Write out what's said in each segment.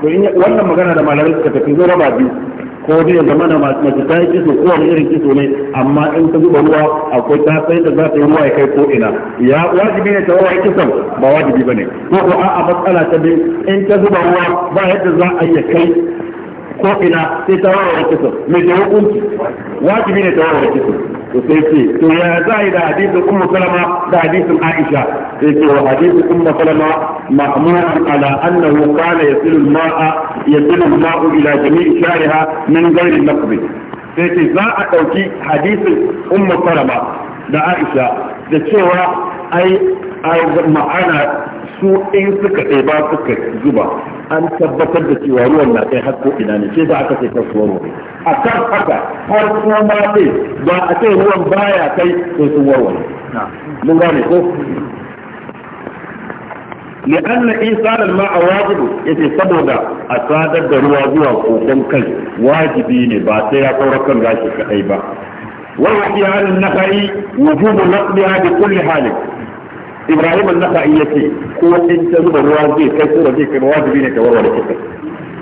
to in wannan magana da malamai suka tafi zo raba biyu ko dai ya zama da mace ta yi kiso ko wani irin kiso ne amma in ta zuba ruwa akwai ta sai da za ta yi ruwa ya kai ko ina ya wajibi ne ta ruwa ya kisan ba wajibi ne ko ko a'a matsala ta biyu in ta zuba ruwa ba yadda za a iya kai ko ina sai ta ruwa ya kisan mai da hukunci wajibi ne ta ruwa ya kisan to sai ce to ya za yi da hadisin ummu salama da hadisin aisha sai ce wa hadisin ummu salama ma'muran ala annahu kana yasilu maa yasilu mau ila jami'i shariha min ghairi naqbi sai ce za a dauki hadisin Umma salama da aisha da cewa ai ma'ana su in suka ɗai ba suka zuba an tabbatar da cewa ruwan na kai hasko ina ne sai za a aka ce kasuwar a kan haka har kuma ma ba a ce ruwan baya kai sai sun ne mun gane ko ne an na tsarin ya ce saboda a لأن إيصال الماء واجب يتي سبودا أصادر دروا زوا كوكم كي واجبين باتي أطورا كم غاشي كأيبا ووحي عن النخعي وجوب نقلها بكل حال ibrahim an-nakhai yace ko in ta zuba ruwa zai kai ko zai kai wajibi ne ta warware kisa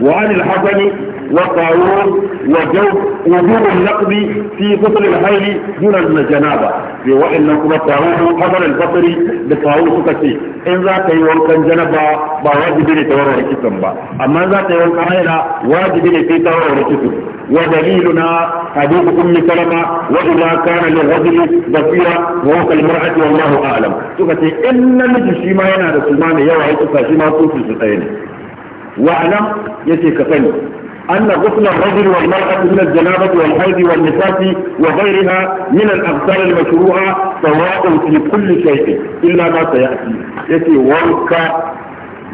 وعن الحسن وقارون وجو وجوب النقد في فصل الحيل دون الجنابة وإن كما الطاعون قبل الفصل بقارون سكتي إن ذاك يوم كان جنبا بواجب لتورى الكتن أما ذاك يوم هنا واجب لتورى الكتن ودليلنا حديث أم سلمة وإذا كان للرجل بصيرة وهو كالمرأة والله أعلم سكتي إن نجي شيما ينادى سلمان يوعي ما توفي سكتين wa'alam yace ka sani anna ghusl ar-rajul wal mar'ati min al-janabah wal hayd wal wa ghayriha min al-abdal al-mashru'a sawa'un fi kulli shay' illa ma sayati yace wanka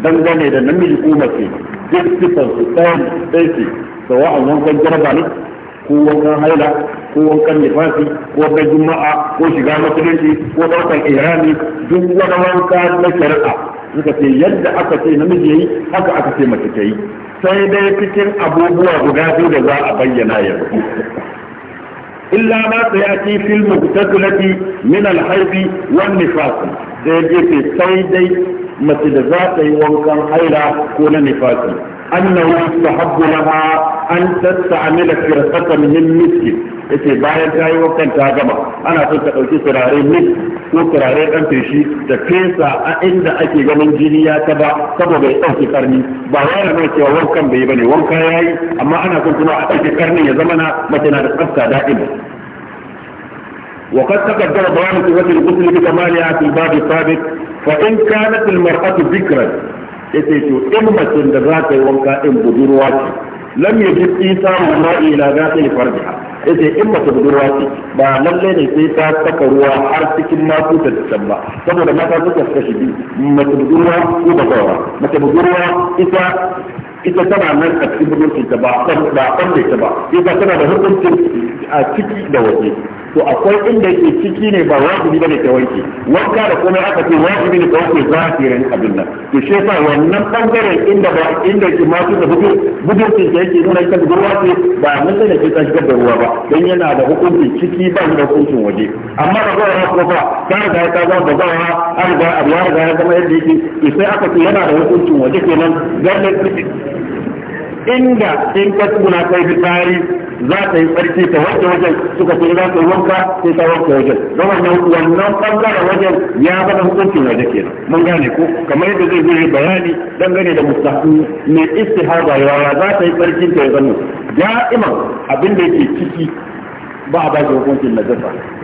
dangane da namiji ko mace duk sifar su tsayin aiki sawa'un wankan jarabalik ko wankan haila ko wankan nifasi ko wankan juma'a ko shiga musulunci ko daukan ihrami duk wani wanka na shari'a suka ce yadda aka ce namiji yayi haka aka ce mace ta yi sai dai cikin abubuwa guda biyu da za a bayyana yanzu illa ma ta yaki fil mutakalati min al-haibi wan nifasi sai dai sai dai mace da za ta yi wankan haila ko na nifasi annahu yustahabbu laha an tasta'mila firsatan min miski yace bayan ta yi wankan ta gama ana so ta dauki turare misk ko turare dan feshi da fesa a inda ake ganin jini ya taba saboda ya dauki karni ba yana nuna cewa wankan bai bane wanka yayi amma ana son kuma a dauki karnin ya zama na mace na da tsafta da'ima وقد تقدر بيان صفة الغسل بكمالها في الباب السابق fa in kanat al mar'atu dhikran yace to in macen da za ta yi wanka din budurwa ce lam yajid isa mar'i ila ghasili farjiha yace in mace budurwa ce ba lalle ne sai ta saka ruwa har cikin masu ta can ba saboda mata suka kashi biyu mace budurwa ko ba bazawara mace budurwa ita ita tana nan a cikin budurci ta ba a kan da ta ba ita tana da hukuncin a ciki da waje to akwai inda yake ciki ne ba wajibi bane ka wanke wanka da komai aka ce wajibi ne ka wanke zahirin abin nan to shi yasa wannan bangaren inda ba inda ke ma su da bugu bugun ke yake nuna kan ruwa ce ba mun da ke kan da ruwa ba dan yana da hukuncin ciki ba da hukuncin waje amma da ba ya kuma ta riga ta ga da ba an riga abu ya riga ya zama yadda yake to sai aka ce yana da hukuncin waje kenan gallan inda in ka tuna kai fitari za ta yi tsarki ta wanke wajen suka ce za ta yi wanka sai ta wanke wajen don wannan wannan bangaren wajen ya bada hukuncin waje kenan mun gane ko kamar yadda zai zai bayani dangane da mustahabi mai istihaba ya za ta yi tsarki ta ya zama da'iman abin da yake ciki ba a ba shi hukuncin najasa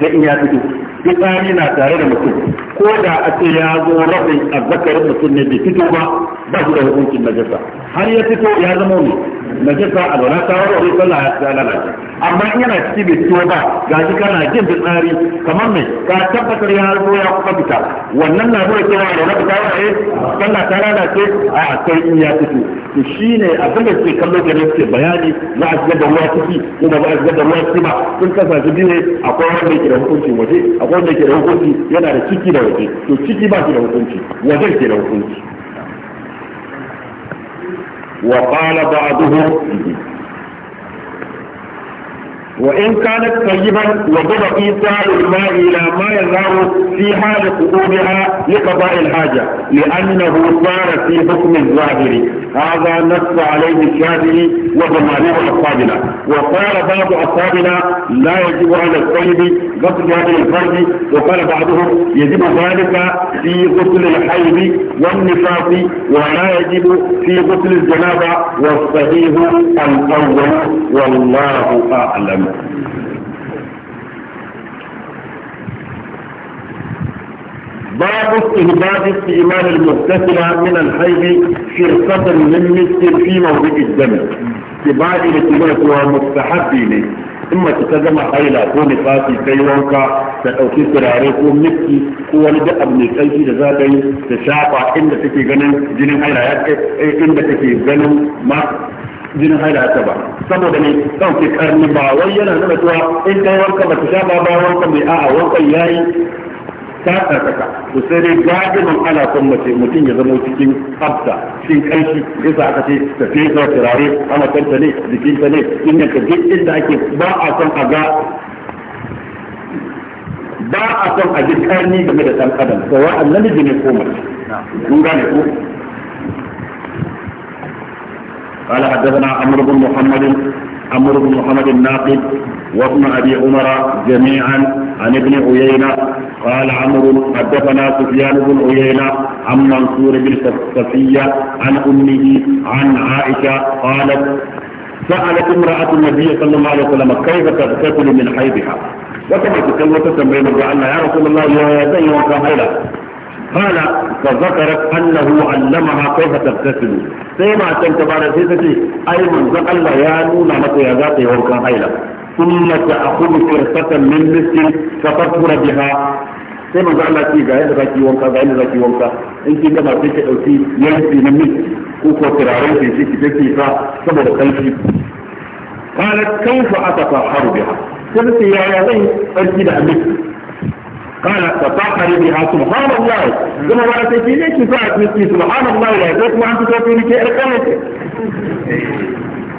na in ya fito fitsari na tare da mutum ko da a ce ya zo a azzakarin mutum ne bai fito ba ba su da hukuncin najasa har ya fito ya zama mai najasa a zauna ta wani wani sallah ya lalace amma in yana ciki bai fito ba ga shi kana jin fitsari kamar mai ka tabbatar ya zo ya kuma fita wannan na zuwa cewa da rabin ta wani sallah ta lalace a sai in ya fito to shine abin da suke kallo da suke bayani na a shigar da ruwa ciki ko da ba a ruwa ciki ba sun kasance biyu ne akwai wanda ke da hukunci waje akwai wanda ke da hukunci yana da ciki da waje to ciki ba shi da hukunci waje ke da hukunci wa qala ba'duhu وإن كانت طيبا في إيصال الماء إلى ما يظهر في حال قطوبها لقضاء الحاجة لأنه صار في حكم الظاهر هذا نص عليه الشافعي وجماهير أصحابنا وقال بعض أصحابنا لا يجب على الطيب غسل هذه الفرد وقال بعضهم يجب ذلك في غسل الحيض والنفاق ولا يجب في غسل الجنابة والصحيح الأول والله أعلم باب استهداف استئمان المغتسلة من الحيض في القطر من مثل في موضع الدم اتباع الاتباع هو مستحب لي إما تتجمع حيلة كون فاتي كي وانكا تأوكي سراري كو مكي كو ولد أبني كيشي لذاتي تشعب عند تكي غنم جنين حيلة إيه عند تكي غنم ما jinin haila ba saboda ne dauke karni ba wai yana nuna cewa in kai wanka ba ta sha ba ba wanka mai a'a wankan yayi ta tsarkaka to sai dai gadimin ana son mace mutum ya zama cikin hafta cikin kanshi yasa aka ce ta fi ta turare ana kanta ne jikinta ne inda ka duk inda ake ba a son a ga ba a son a ji karni game da ɗan adam to wa'an namiji ne ko mace kun gane ko قال حدثنا عمرو بن محمد عمرو بن محمد الناقد وابن ابي عمر جميعا عن ابن عيينه قال عمرو حدثنا سفيان بن عيينه عن منصور بن صفيه عن امه عن عائشه قالت سالت امراه النبي صلى الله عليه وسلم كيف تغتسل من حيضها وكما تكلمت بين الله يا رسول الله يا زين وكان قال فذكرت أنه علمها كيف تبتسم سيما أتم تبارا سيسكي أي من ذقل لا يانون على قياداته وركا حيلا ثم سأقوم فرصة من مسك فتطور بها سيما ذقل لا تيجا هل ذاكي وركا غير ذاكي وركا إنك عندما تيجا أوتي ينسي من مسك كوكو ترارين في سيكي تيجي فا سبب خلفي قالت كيف أتطهر بها سيما سيارين أجد أمسجد قال فطهر بها سبحان الله كما وانا تجي ليش مثلي سبحان الله لا يقول ما انت تقول لي كيف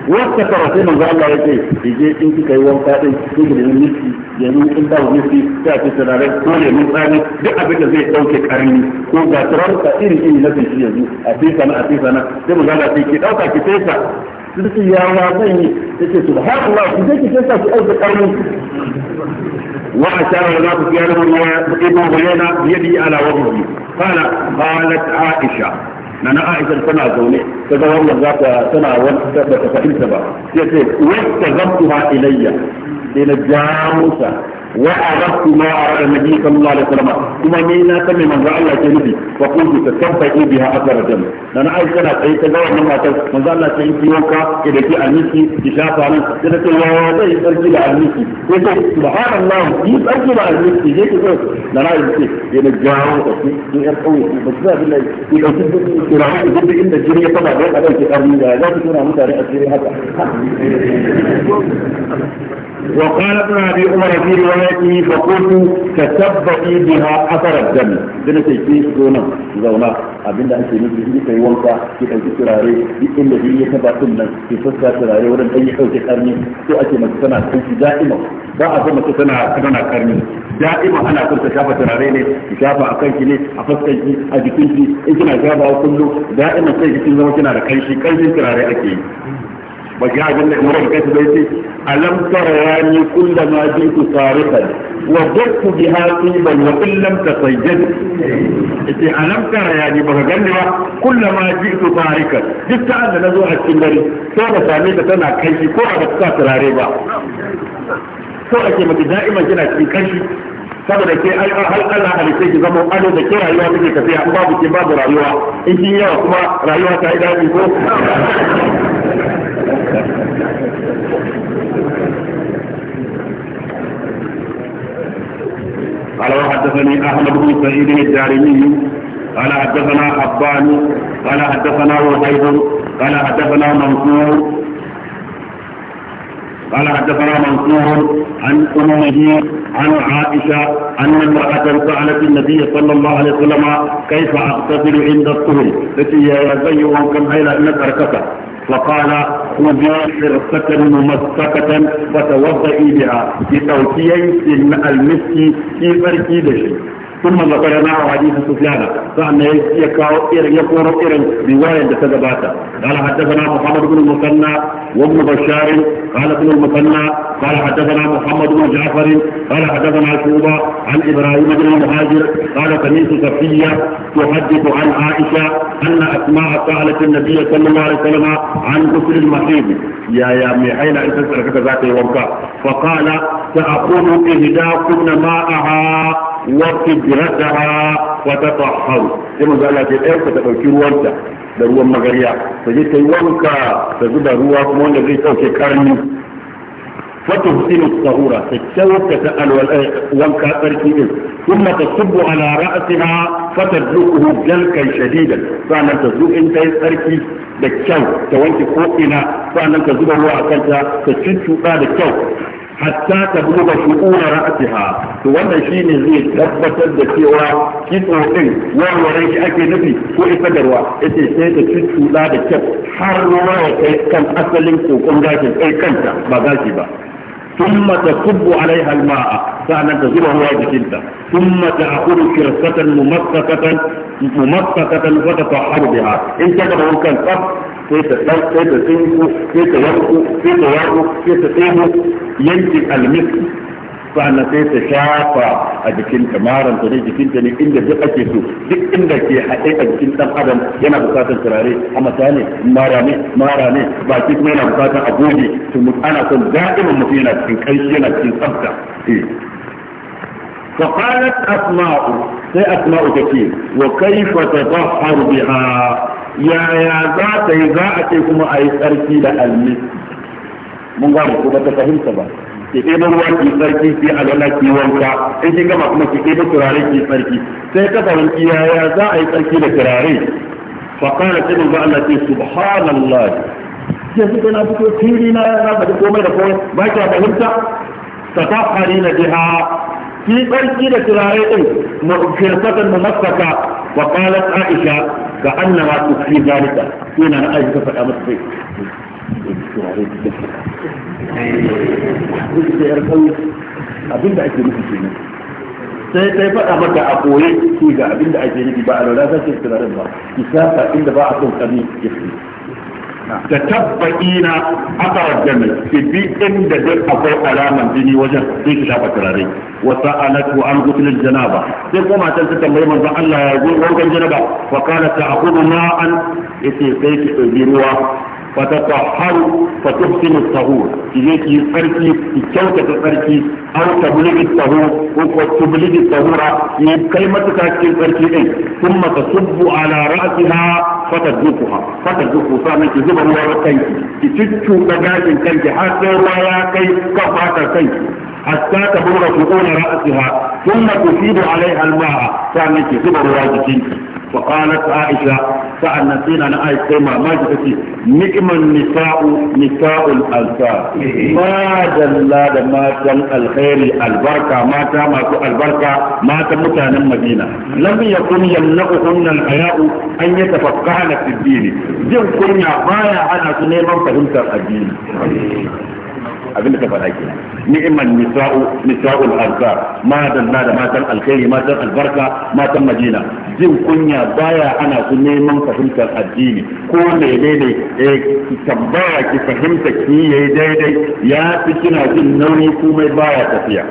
wata karatu manzo Allah ya ce je in kika yi wanka din kin da miki yanzu in da miki ta ce tarare ko ne mun tsani duk abin da zai dauke karni ko ga tararka irin irin na shi yanzu a fisa a fisa na sai manzo Allah ya ki dauka ki fesa duk je ki fesa karni وأشار إلى سفيان وإبن غيينة بيده على وجهه قال قالت عائشة نانا عائشة سنة زوني تزور الله ذات سنة وانتبت فإن يقول واستغبتها إلي إلى جاموسة وأردت ما أراد النبي صلى الله عليه وسلم كما نينا سمي من رأى الله جنبي وقلت بها أثر الجنة أي من ماتت من رأى الله شيء يوكا إذا في أميكي إشافة عن سنة الله إذا أرجل أميكي سبحان الله إذا أرجل أميكي جيت قلت أنا عايز أقول إذا جاءوا يرقوي بس لا بالله إذا كنت إراحة جنبي إن الجنية طبعا غير أبيك أرمي لا تكون وقال ابن أبي عمر في رواية امرأتي فقلت تتبعي بها أثر الدم دنا تيجي abinda ake nufi shi kai wanka ki dauki turare duk inda nan ki fuska turare wurin dan karni to ake mace tana da'ima ba a mace tana tana karni da'ima ana son ta shafa turare ne ki shafa a kanki ne a fuskanki a jikinki in kina shafa kullum da'ima sai kin zama kina da kanshi kanshin turare ake yi baki abin da umar kai bai ce alam tarani kullama jitu sariqan wa dakku biha tiban wa illam tasajjad yace alam tarani baka ganni ba kullama jitu sariqan duk ta da nazo a cikin dare sai da same ta tana kai ko a ba turare ba so ake mata da'iman kina cikin kashi saboda ke ai har Allah halitta ki zama ado da ke rayuwa take tafiya in babu ke babu rayuwa in kin yawa kuma rayuwa ta yi daɗi ko قال وحدثني احمد بن سعيد الدارمي قال حدثنا حبان قال حدثنا وحيد قال حدثنا منصور قال حدثنا منصور عن امه عن عائشه ان امراه سالت النبي صلى الله عليه وسلم كيف اغتسل عند الطهر التي يا زي وكم هيلا انك اركبت فقال خذي فرصة ممسكة فتوضئي بها لتوكيي المسك في فرقي ثم معه حديث سفيان فأن يكاو يقول ايرن رواية تتباتا قال حدثنا محمد بن المثنى وابن بشار قال ابن المثنى قال حدثنا محمد بن جعفر قال حدثنا شوبة عن إبراهيم بن المهاجر قال سمعت صفية تحدث عن عائشة أن أسماء سألت النبي صلى الله عليه وسلم عن غسل المحيض يا يا ميحيل أن تسألك ذات يومك فقال ساقوم إهداكن ماءها wa qidrataha wa tatahharu sai manzo Allah ce ɗayan ku ta ɗauki ruwanta da ruwan magariya ta je ta yi wanka ta zuba ruwa kuma wanda zai ɗauke karni فتحسن الطهورة تتشوك تسأل وانكا تركيب ta تصب على رأسها فتدلقه جلكا شديدا فأنا تزوك انت تركي ta zuba ruwa a kanta هو أكلتا da kyau. hatta ta buga shu'ura ra'atiha to wannan shine zai tabbatar da cewa kitso din warware shi ake nufi ko isadarwa yace sai ta cuccuɗa da kyau har ruwa ya kai kan asalin kokon gashin kai kanta ba gashi ba ثم تصب عليها الماء سأنا تزور هو جلدة ثم تأخذ فرصة ممسكة ممسكة وتطهر بها إن كتبه كان كيف تلقوا كيف تنقوا كيف يرقوا كيف يرقوا كيف تقيموا يمكن المثل فانا كيف شافا اجكين كمارا تريد جكين تني ان دي اكيسو دي ان دي كي حقيقة ادم ينا بساطة تراري اما ثاني مارامي مارامي باكيس مينا بساطة ابوجي ثم انا كن دائما مفينا في كيشينا في سبتا فقالت اسماء سي اسماء جكين وكيف تظهر بها yaya za ta yi za a ce kuma a yi tsarki da almi mun gane ko ba ta fahimta ba ki ɗebo ruwa ki tsarki ki alwala ki wanka in kin gama kuma ki ɗebo turare ki tsarki sai ka fahimci yaya za a yi tsarki da turare fa kana sai mun ga Allah ce subhanallah yanzu kana fito fili na na faɗi komai da komai ba ki fahimta ta tatahharina biha shi tsarki da turare din firfatan da masaka wa qalat aisha ka annama tukfi aisha faɗa abinda ake nufi sai sai faɗa mata a koye shi ga abinda ake nufi ba a lura ba isa inda ba a son ya fi da tabbakina aka wajen ki bi inda duk akwai alaman jini wajen sai ki shafa turare wa sa'alatu an gutul janaba sai kuma matan ta tambayi manzon Allah ya gurgurgan janaba fa kana ta'khudhu an yace sai ki dauki ruwa فتطهر فتحسن الطهور تجيكي تركي تكوت تركي أو تبلغ الطهور أو تبلغ الطهور كلمة تركي تركي ثم تصب على رأسها فتدوقها فتدوق سامي زبر وكي تتشو تجاج كي حتى ولا كي كفاك كي حتى تبلغ شؤون رأسها ثم تصيب عليها الماء سامي زبر وكي فقالت عائشة فأنا سينا أنا عائشة ما ما جبتي نعم النساء نساء الأنصار ما جل ما جل الخير البركة ما تام البركة ما تمتان المدينة لم يكن يمنعهن الحياء أن يتفقهن في الدين جن كن يا بايا أنا سنيما فهمت الدين abin da ta faɗa ke ni'imman nisa'u nisa'ul arza ma danna da matan alkhairi matan albarka matan madina jin kunya baya ana su neman fahimtar addini ko menene eh tabbara ki fahimta ki yayi daidai ya fi kina jin nauyi komai baya tafiya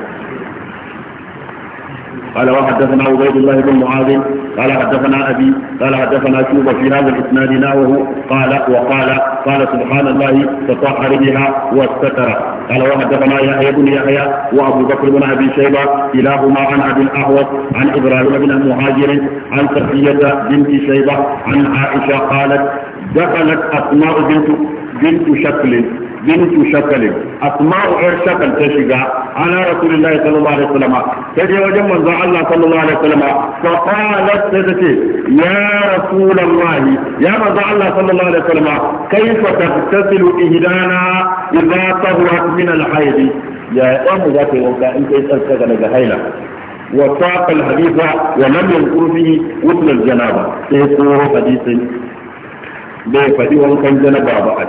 قال وحدثنا عبيد الله بن معاذ قال حدثنا أبي قال حدثنا شوبة في هذا الإسناد ناوه قال وقال قال سبحان الله تطهر بها واستتر قال وحدثنا يحيى بن يحيى وأبو بكر بن أبي شيبة كلاهما عن أبي الأحوص عن إبراهيم بن المهاجر عن صفية بنت شيبة عن عائشة قالت دخلت أسماء بنت بنت شكل bintu shakalin asma'u yar shakal ta shiga ala rasulullahi sallallahu alaihi wasallam ta je wajen manzon Allah sallallahu alaihi wasallam fa qalat ta ce ya rasulullahi ya manzon Allah sallallahu alaihi wasallam kaifa taftasilu ihdana idza tahwat min al-hayd ya ɗan mu za ta yi wanka in kai tsarkaka daga haila وساق الحديث ولم يذكر فيه غسل الجنابه سيكون حديث بيفدي وان كان جنابه بعد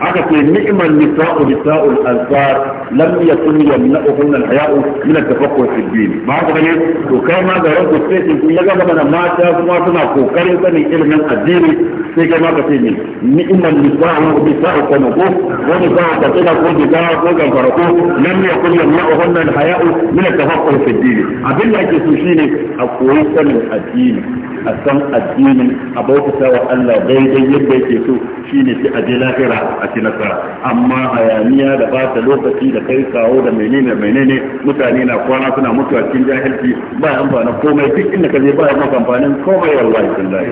aka ce ni'man nisa'u nisa'ul ansar lam yakun yamna'uhunna al-haya'u min at-tafaqquh fi din ba haka bane to kai ma ga rabu sai kin ya ga mana mata kuma suna kokarin sanin ilimin addini sai kai ma ka ce ni ni'man nisa'u nisa'u kana ko wani za ka tsaya ko ji ga ko ga farko lam yakun yamna'uhunna al-haya'u min at-tafaqquh fi din abin da ake so shine a koyi sanin addini a san addinin a bautawa Allah daidai yadda yake so shine sai a je lahira a a ci nasara amma hayaniya da bata lokaci da kai kawo da menene menene mutane na kwana suna mutuwa cikin jahilci ba amfana komai duk inda ka je ba ya maka amfanin komai wallahi billahi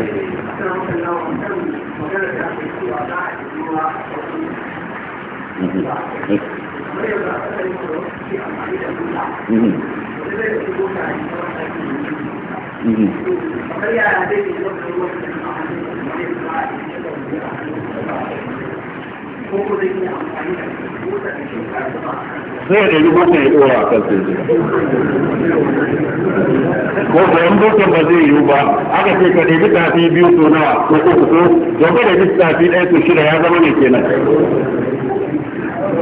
Mm-hmm. sai da yi hukun yi ɗora a kan sai ko sayan dokin ba zai yiwu ba aka ce ka ɗebi tafi biyu so nawa ko uku so don ka ɗebi tafi ɗaya so shida ya zama ne kenan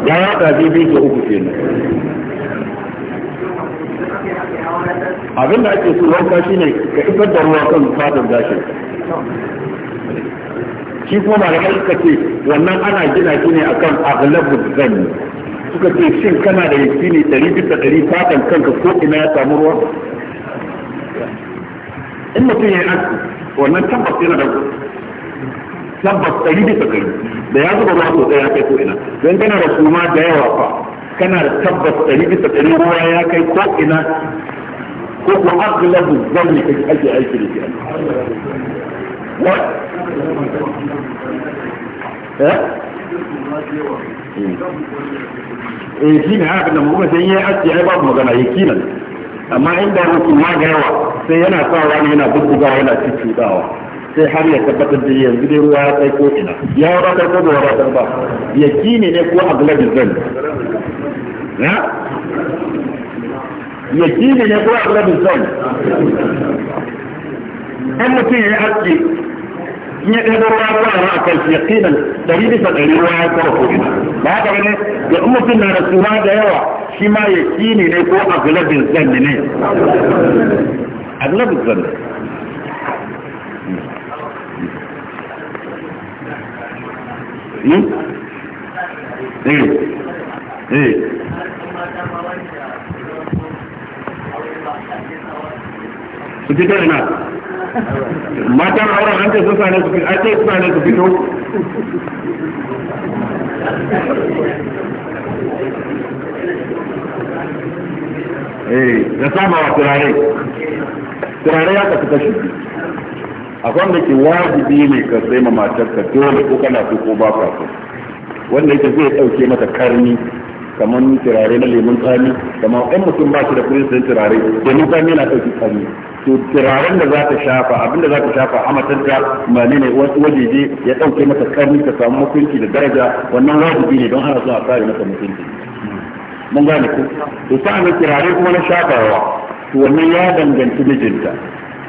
ya ya tafi biyu so uku kenan abin da ake so wanka shine ka isar da ruwa kan fatan gashin shi kuma malamai suka ce wannan ana gina shi ne akan aghlabu zanni suka ce shin kana da yakini dari bisa dari fatan kanka ko ina ya samu ruwa in mutum ya yi aski wannan tabbas yana da tabbas dari bisa dari da ya zuba ruwa sosai ya kai ko ina don kana da suma da yawa fa kana da tabbas dari bisa dari ruwa ya kai ko ina ko ko aghlabu zanni kake aiki aiki da shi what eh? eh shi ne haka da muka sai yayi aski ai babu magana yakinan amma inda mutum ma ga yawa sai yana sa rana yana bubbugawa yana cuccudawa sai har ya tabbatar da yanzu dai ruwa ya kai ko ina ya wadatar ko bai wadatar ba yakini ne ko aglabi zan ya eh? yakini ne ko aglabi zan in mutum ya yi haske in ya ɗaya ruwa ko a ra'a kai ya ɗari bisa ɗari ruwa ya ko ina ba haka ne in mutum na da suna da yawa shi ma ya kini ne ko a gulabin ne a gulabin eh hmm? eh hmm? hmm? su fito ina matan auren an ce sun ne su fito da eh, sama wa turare turare ya akwai da ke wajibi ne ka sai ma matar ka dole ko kana so ko ba ka so wanda yake zai dauke mata karni kamar turare na lemun tsami kamar ɗan mutum ba shi da kudin sayan turare lemun tsami yana ɗauki tsami to turaren da za ta shafa abin da za ta shafa a matanta mane ne wajeje ya ɗauke masa karni ta samu mutunci da daraja wannan wajibi ne don ana so a kare mata mutunci mun gane ku to sa'an turare kuma na shafawa to wannan ya danganci mijinta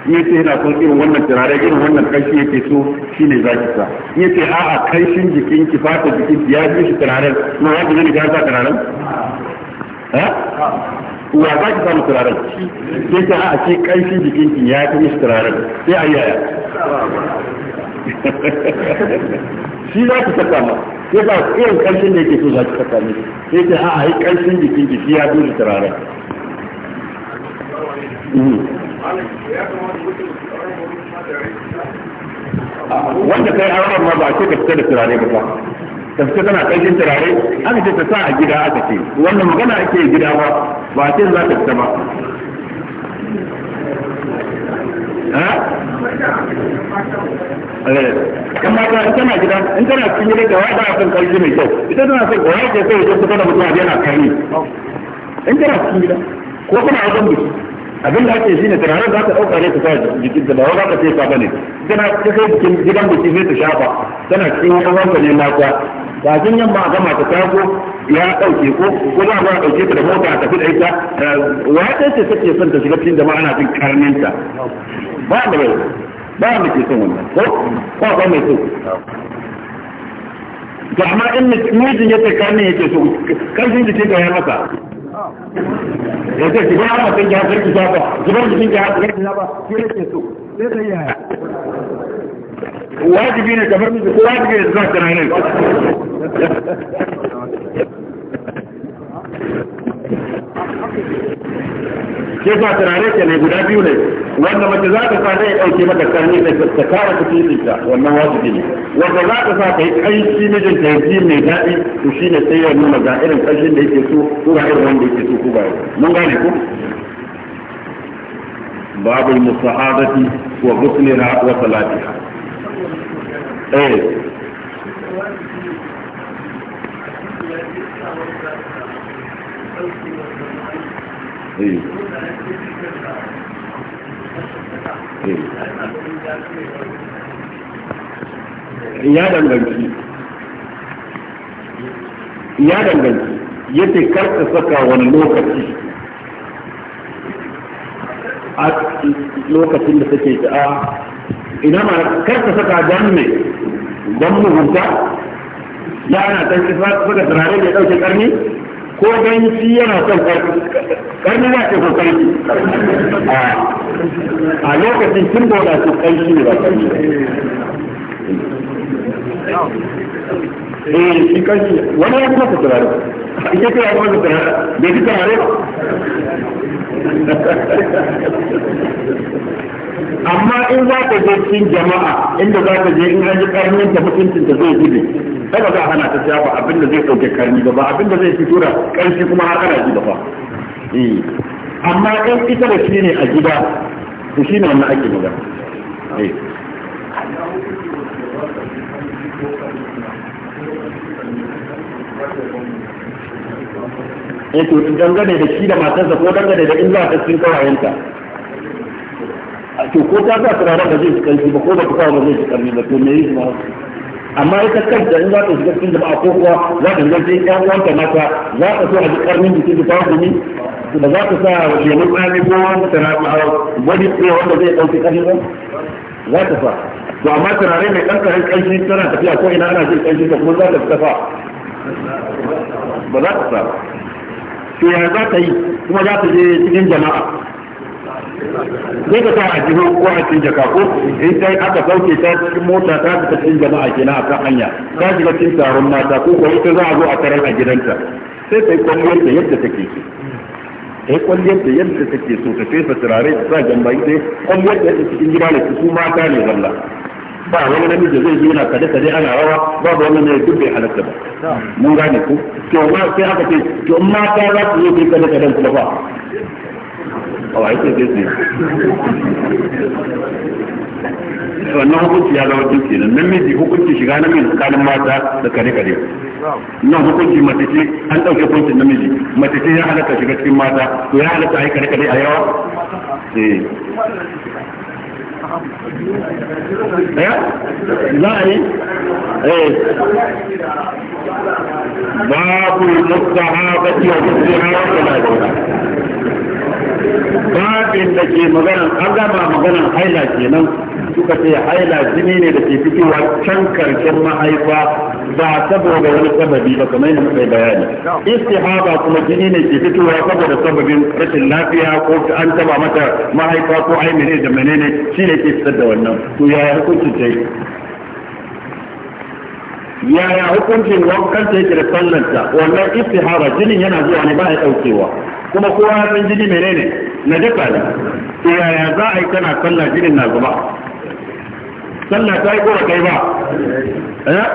ya ce yana son irin wannan turare irin wannan kanshi yake so shi ne za ki sa ya ce a'a kanshin jikin ki fata jikin ki ya ji shi turaren kuma wanda zai ga sa turaren wa za ki samu turaren sai ta a'a shi kanshin jikin ki ya ji mishi turaren sai a yaya shi za ki saka ma sai ba irin kanshin da yake so za ki saka mishi sai ta a'a shi kanshin jikin ki ya ji mishi turaren hmm. wanda kai auren ma ba ce ka fita da turare ba ba, ka fita tana ƙarfin turare aka ce ta sa a gida aka ce wannan magana ake gida ba ba ce za ta fita ba kan eh, mata in tana gida in tana cikin gida da wata a kan ƙarfi mai kyau ita tana son ƙwarar ke sai ya fita da mutum a yana karni in tana cikin gida ko kuma a kan biki abin da ake shine turaren za ka ɗauka ne ka sa jikin ta ba za ka fesa ba ne tana ta sai jikin gidan da sai ta shafa tana cikin yawanka ne mata kafin yamma a gama ta tago ya ɗauke ko ko za a ɗauke ta da mota a tafi da ita eh, wa ta ce take son ta shiga cikin jama'a ana jin karnin ta ba da bai ba mu ke son wannan ko ba ba mai so ga amma in mijin ya ta karnin yake so karfin jikin ka ya masa ya ce shigar haka sun ya sarki ta ba shigar jikin ya sarki ta ba shi ne ke so sai sai yaya wajibi ne kamar miji ko wajibi ne zuwa kana nan Thank you. ke yasa turare ke ne guda biyu ne wanda mace za ta sa ne ya dauke maka karni ta kara kuɗi ta wannan wajibi ne wanda za ta sa ka yi kanshi mijin ta yi mai daɗi to shine sai ya nuna ga irin kanshin da yake so ko ga irin wanda yake so ko ba mun gane ko باب المصاحبة وغسلها وصلاتها ايه Eh. Eh. ya danganci ya danganci karka ka saka wani lokaci a lokacin da take ta a ina ma kar ka saka don ne don muhunta ya ana ta saka turare da ya dauke karni ko dan shi yana son karfi karni na ce ko karfi a lokacin kin bola su kai ne ba karfi eh shi karfi wani ya kuma turare ita kira kuma turare da ji turare amma in za ka je cikin jama'a inda za ka je in an ji karnin ta mutuncin ta zai gudu sai ba za a hana ta siya ba abin da zai ɗauke karni ba ba abin da zai fi da ƙarfi kuma har ana ji ba fa eh. amma in ita da shi ne a gida to shi ne wannan ake magana eh, eh to dangane da shi da matarsa ko dangane da illa ta cikin kawayenta to ko ta sa turaren ba zai ci karfi ba ko ba ta kawo ba zai ci karfi ba to me yi ma amma ita kanta in za ta shiga cikin jama'a ko kuwa za ta shiga cikin ƴan uwanta mata za ta so a ji karnin jikin da ta ne ba za ta sa lemun tsami ko wani tana wani tsaye wanda zai ɗauki ƙarfi ba za ta sa to amma turare mai ɗan ƙarfin ƙarfi tana tafiya ko ina ana jin ƙarfi ta kuma za ta fita fa ba za ta sa to ya za ta yi kuma za ta je cikin jama'a sai ka sa a cikin ko a cikin jaka ko in sai aka sauke ta cikin mota ta fita cikin jama'a kenan a kan hanya ta shiga cikin taron mata ko ko ita za a zo a tarar a gidanta sai ta yi kwalliyar ta yadda take so ta yi kwalliyar ta yadda take so ta fesa turare ta sa jamba ita kwalliyar ta cikin gida ne su mata ne zalla ba wani namiji zai yi na kada kada ana rawa babu wani ne duk bai halatta ba mun gane ku to ma sai aka ce to mata za su yi kada kada kuma ba a yake gaske wannan hukunci ya zama duki nan namiji hukunci shiga namiji tsakanin mata da kare kare nan hukunci mace ce an ɗauke hukuncin namiji mace ya halatta shiga cikin mata to ya halatta a yi kare kare a yawa za a yi ba ba ku da babu mustahabati wa mustahabati babin da ke magana an gama magana haila kenan suka ce haila jini ne da ke fitowa can karshen mahaifa ba saboda wani sababi ba kamar yadda muka bayani istihaba kuma jini ne ke fitowa saboda sababin rashin lafiya ko an taba mata mahaifa ko ai menene da menene shi ne ke fitar da wannan to yaya hukunci ce yaya hukuncin wankan ta yake da sallanta wannan istihaba jinin yana zuwa ne ba ya daukewa kuma kowa ya san jini menene na dafa ne to yaya za a yi kana sallah jinin na zuba sallah ta yi ko kai ba eh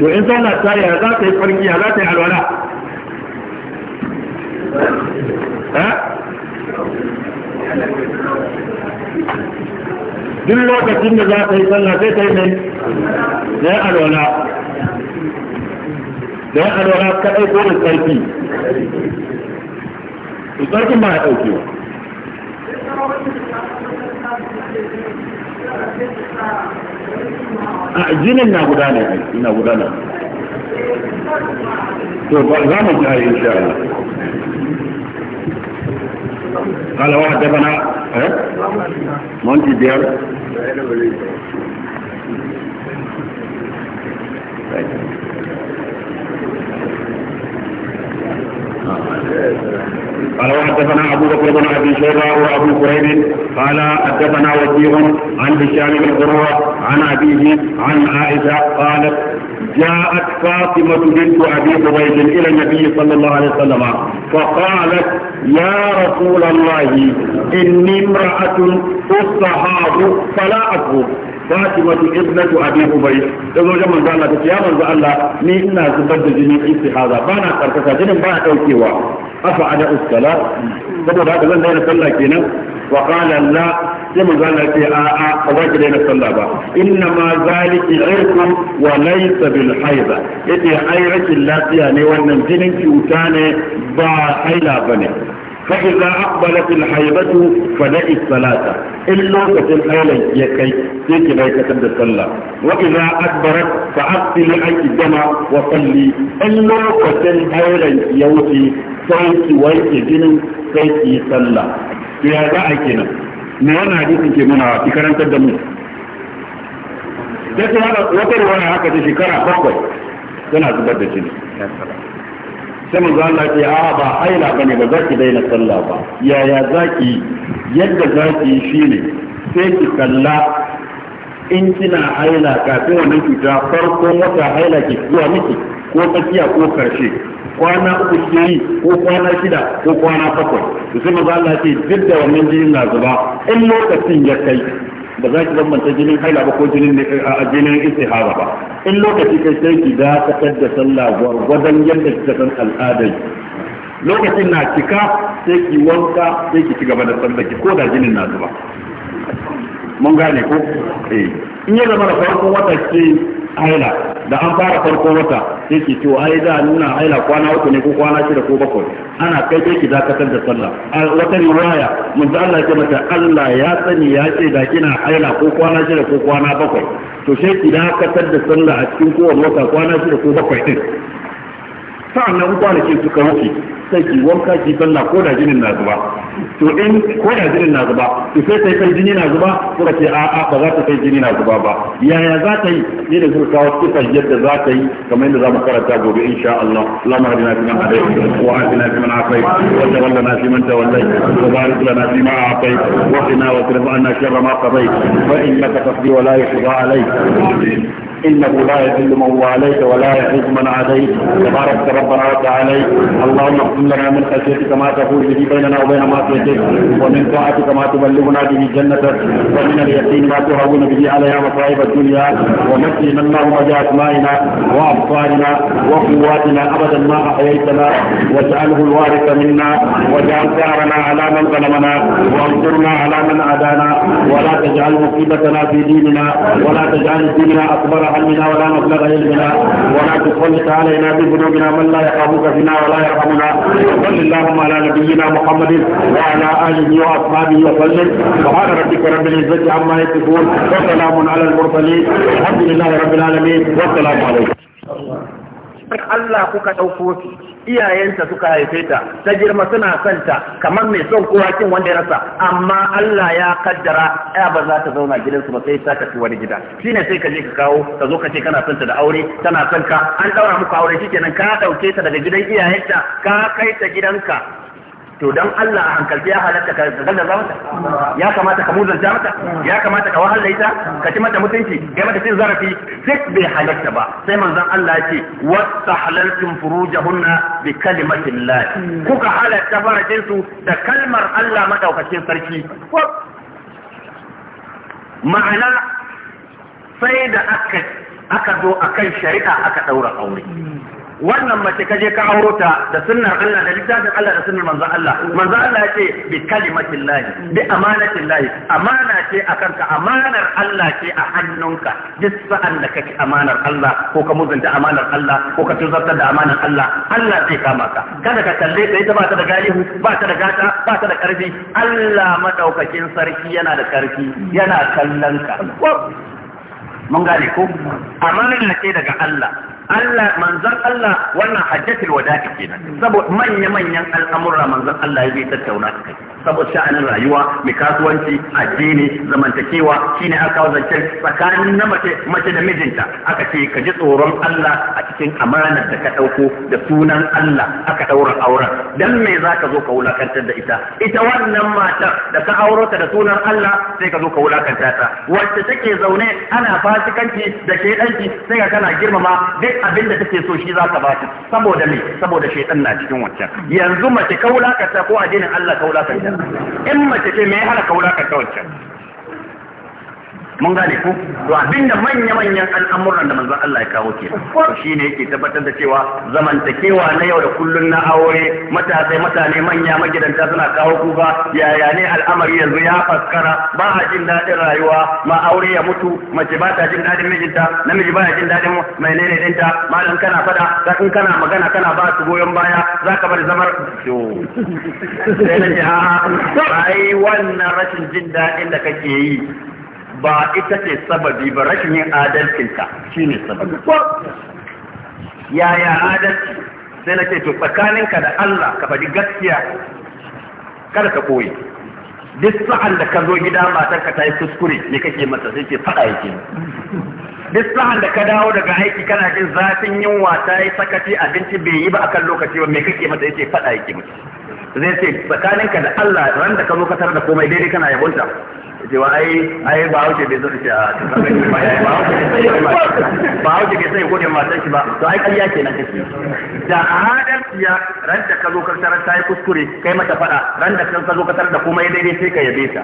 to in sallah ta yi za ta yi farki za ta yi alwala eh duk lokacin da za ta yi sallah sai ta yi mai da ya alwala da ya alwala kaɗai ko da sarki to sarkin ba ya ɗauke wa a jinin na gudana ne na gudana to ba za mu ji ayi insha Allah قال وحدثنا مونتي ديال Thank you. قال وحدثنا ابو بكر بن ابي شيبه وابو كريب قال حدثنا وكيع عن هشام بن قروه عن ابيه عن عائشه قالت جاءت فاطمة بنت أبي قبيل إلى النبي صلى الله عليه وسلم فقالت يا رسول الله إني امرأة أصحاب فلا أكبر fatimatu ibnatu abi ubay da zo jaman Allah ta ya manzo Allah ni ina zubar da jinin istihaza bana karkata jinin ba daukewa afa ada uskala saboda haka zan daina sallah kenan wa qala la sai manzo Allah ce a a ba za ki daina sallah ba inna ma zaliki irkum wa laysa bil haida yace ai rashin lafiya ne wannan jinin cuta ne ba haila bane فإذا أقبلت الحيضة فدعي الصلاة إلا كتن أيلا يكي تيكي بيكة الصلاة وإذا أدبرت فأقتل أي الدم وصلي إلا كتن أيلا يوتي سيكي ويكي جن سيكي صلاة في هذا أيكنا من وانا حديث كي منا في كرم تدمو تسي هذا وطر وانا هكذا شكرا بقوي سنة زبادة جن sai manzo Allah ce a ba haila bane ba zaki daina sallah ba yaya zaki yadda zaki shine sai ki kalla in kina haila kafin wannan cuta farkon wata haila ke zuwa miki ko tsakiya ko karshe kwana uku ke yi ko kwana shida ko kwana bakwai to sai manzo Allah ce duk da wannan jinin na zuba in lokacin ya kai ba za ki bambanta jinin haila ba ko jinin a eh, jinin istihara ba in lokaci kai sai ki dakatar da sallah gwargwadon yadda kika san al'adai lokacin na cika sai ki wanka sai ki ci da sallah ki ko da jinin na zuba mun gane ko eh in ya zama da farkon wata ce haila da an fara farko wata sai ke to ai za a nuna haila kwana uku ne ko kwana shida ko bakwai ana kai kai ki dakatar da sallah a wata riwaya manzo Allah ya mata Allah ya sani ya ce da kina haila ko kwana shida ko kwana bakwai to sai ki dakatar da sallah a cikin kowane wata kwana shida ko bakwai din sa'annan kwanaki suka wuce sai ki wanka ki sallah ko da jinin na zuba to in ko da jinin na zuba to sai kai kai jini na zuba ko ce a a ba za ta kai jini na zuba ba yaya za ta yi ne da zuwa kawo kisan yadda za ta yi kamar yadda za mu karanta gobe insha Allah Allahumma hadina fi man hadayt wa hadina fi man afayt wa tawallana fi man tawallayt wa barik lana fi ma afayt wa qina wa qina anna sharra ma qadayt fa innaka taqdi wa la yuqda alayk إنه لا يذل من عليك ولا يعز من عليك تبارك ربنا وتعالى اللهم اغفر لنا من خشيتك ما تقول به بيننا وبين تجد ومن طاعتك ما تبلغنا به جنتك ومن اليقين ما تهون به علينا مصائب الدنيا ومسلم اللهم بأسمائنا وأبصارنا وقواتنا أبدا ما أحييتنا واجعله الوارث منا واجعل ثارنا على من ظلمنا وانصرنا على من عادانا ولا تجعل مصيبتنا في ديننا ولا تجعل ديننا أكبر علمنا ولا مبلغ علمنا ولا تسلط علينا بذنوبنا من لا يخافك فينا ولا يرحمنا وصل اللهم على نبينا محمد وعلى اله واصحابه وسلم سبحان ربك رب العزه عما يصفون وسلام على المرسلين الحمد لله رب العالمين والسلام عليكم Sai Allah kuka ɗauko shi iyayensa suka haife ta ta girma suna santa kamar mai son kowa kin wanda ya rasa amma Allah ya kaddara ya ba za ta zauna gidansu ba sai ta tafi wani gida shine sai ka je ka kawo ka zo ka ce kana santa da aure tana son ka an daura muku aure shikenan ka dauke ta daga gidan iyayenta ka kai ta gidanka to dan Allah a hankalce ya halatta ka gaza za mata ya kamata ka muzanta mata ya kamata ka wahala ita ka ci mata mutunci ga mata cin zarafi duk bai halatta ba sai manzon Allah ya ce wastahlaltum furujahunna bi kalimatin la kuka halatta farajin su da kalmar Allah madaukakin sarki ma'ana sai da aka zo akan shari'a aka daura aure wannan mace kaje ka auro ta da sunnar Allah da littafin Allah da sunnar manzon Allah manzon Allah ce bi kalimatin lahi bi amanatin lahi amana ce akan ka amanar Allah ce a hannunka duk sa'an da kake amanar Allah ko ka muzunta amanar Allah ko ka tuzartar da amanar Allah Allah zai kama ka kada ka kalle ta ba ta da galihu ba ta da gata ba ta da karfi Allah madaukakin sarki yana da karfi yana kallon ka mun gane ko amana ce daga Allah Allah manzon Allah wannan hajjatul wada'i kenan saboda manya manyan al'amura manzon Allah ya tattauna kai saboda sha'anin rayuwa mai kasuwanci addini zamantakewa shine aka kawo zancen tsakanin na mace mace da mijinta aka ce ka ji tsoron Allah a cikin amanar da ka ɗauko da sunan Allah aka ɗaura auren dan me za ka zo ka wulakantar da ita ita wannan matar da ka auro ta da sunan Allah sai ka zo ka wulakanta ta wacce take zaune ana fasikanci da shedanci sai ka kana girmama duk abin da take so shi za ka ba saboda me saboda shedan na cikin wancan yanzu mace ka wulakanta ko addinin Allah ka wulakanta in mace ce me ya hana ka wancan mun gane ku to abinda manya-manyan al'amuran da manzon Allah ya kawo ke to shine yake tabbatar da cewa zamantakewa na yau da kullun na aure matasai mutane manya magidanta suna kawo kuka yaya ne al'amari yanzu ya faskara ba a jin dadin rayuwa ma aure ya mutu mace ba ta jin dadin mijinta namiji ba ya jin dadin mai ne dinta malam kana fada da in kana magana kana ba su goyon baya zaka ka bar zamar sai na ce a'a ai wannan rashin jin daɗin da kake yi ba ita ce sababi ba rashin yin adalcinka shine sababi yaya adalci sai na ce to tsakaninka da Allah ka faɗi gaskiya kada ka koyi duk sa'an da ka zo gida matarka ta yi kuskure ne kake mata sai ke faɗa yake duk sa'an da ka dawo daga aiki kana jin zafin yunwa ta yi sakati abinci bai yi ba a kan lokaci ba me kake mata yake faɗa yake mata zai ce tsakaninka da Allah ran da ka zo ka tarar da komai daidai kana yabonta ce wa ai ai ba hauce bai zai ce a cikin ba hauce bai sai gode matan shi ba to ai kariya kenan kake da hadar tiya ran da ka zo ka tarar ta yi kuskure kai mata fada ran da ka zo ka tarar da komai daidai sai ka yabe ta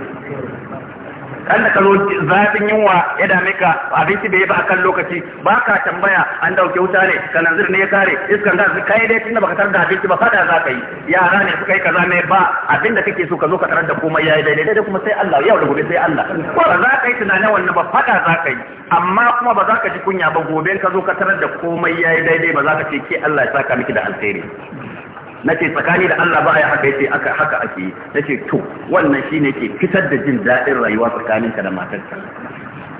kan da karo zafin yunwa ya dame ka abinci bai yi ba a kan lokaci ba ka tambaya an dauke wuta ne kananzir ne ya kare iskan gas kai dai tunda baka tarar da abinci ba fada za ka yi yara ne suka yi kaza ne ba abin da kake so ka zo ka tarar da komai yayi daidai daidai kuma sai Allah yau da gobe sai Allah ba za ka yi tunanin wannan ba fada za ka yi amma kuma ba za ka ji kunya ba gobe ka zo ka tarar da komai yayi daidai ba za ka ce ke Allah ya saka miki da alheri nace tsakani da Allah ba ya haka yace aka haka ake yi nace to wannan shine ke fitar da jin daɗin rayuwa tsakaninka da matarka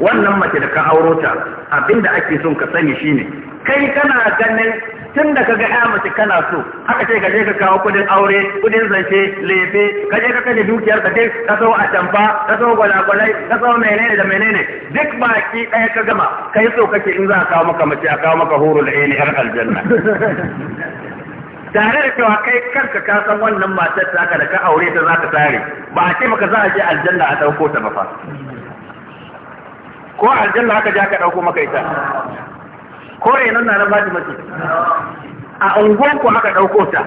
wannan mace da ka auro ta abinda ake son ka sani shine kai kana ganin tun da kaga ya mace kana so haka ce ka je ka kawo kudin aure kudin zance lefe ka je ka kaje dukiyar ka dai ka sau a tamfa ka sau gwalagwalai ka sau menene da menene duk baki ɗaya ka gama kai so kake in za a kawo maka mace a kawo maka horo da ainihin aljanna tare da cewa kai kanka ka san wannan matar ka da ka aure ta zaka tare ba a ce maka za a je aljanna a dauko ta ba fa ko aljanna aka je aka dauko maka ita ko renon na nan baji mace a unguwan ku aka dauko ta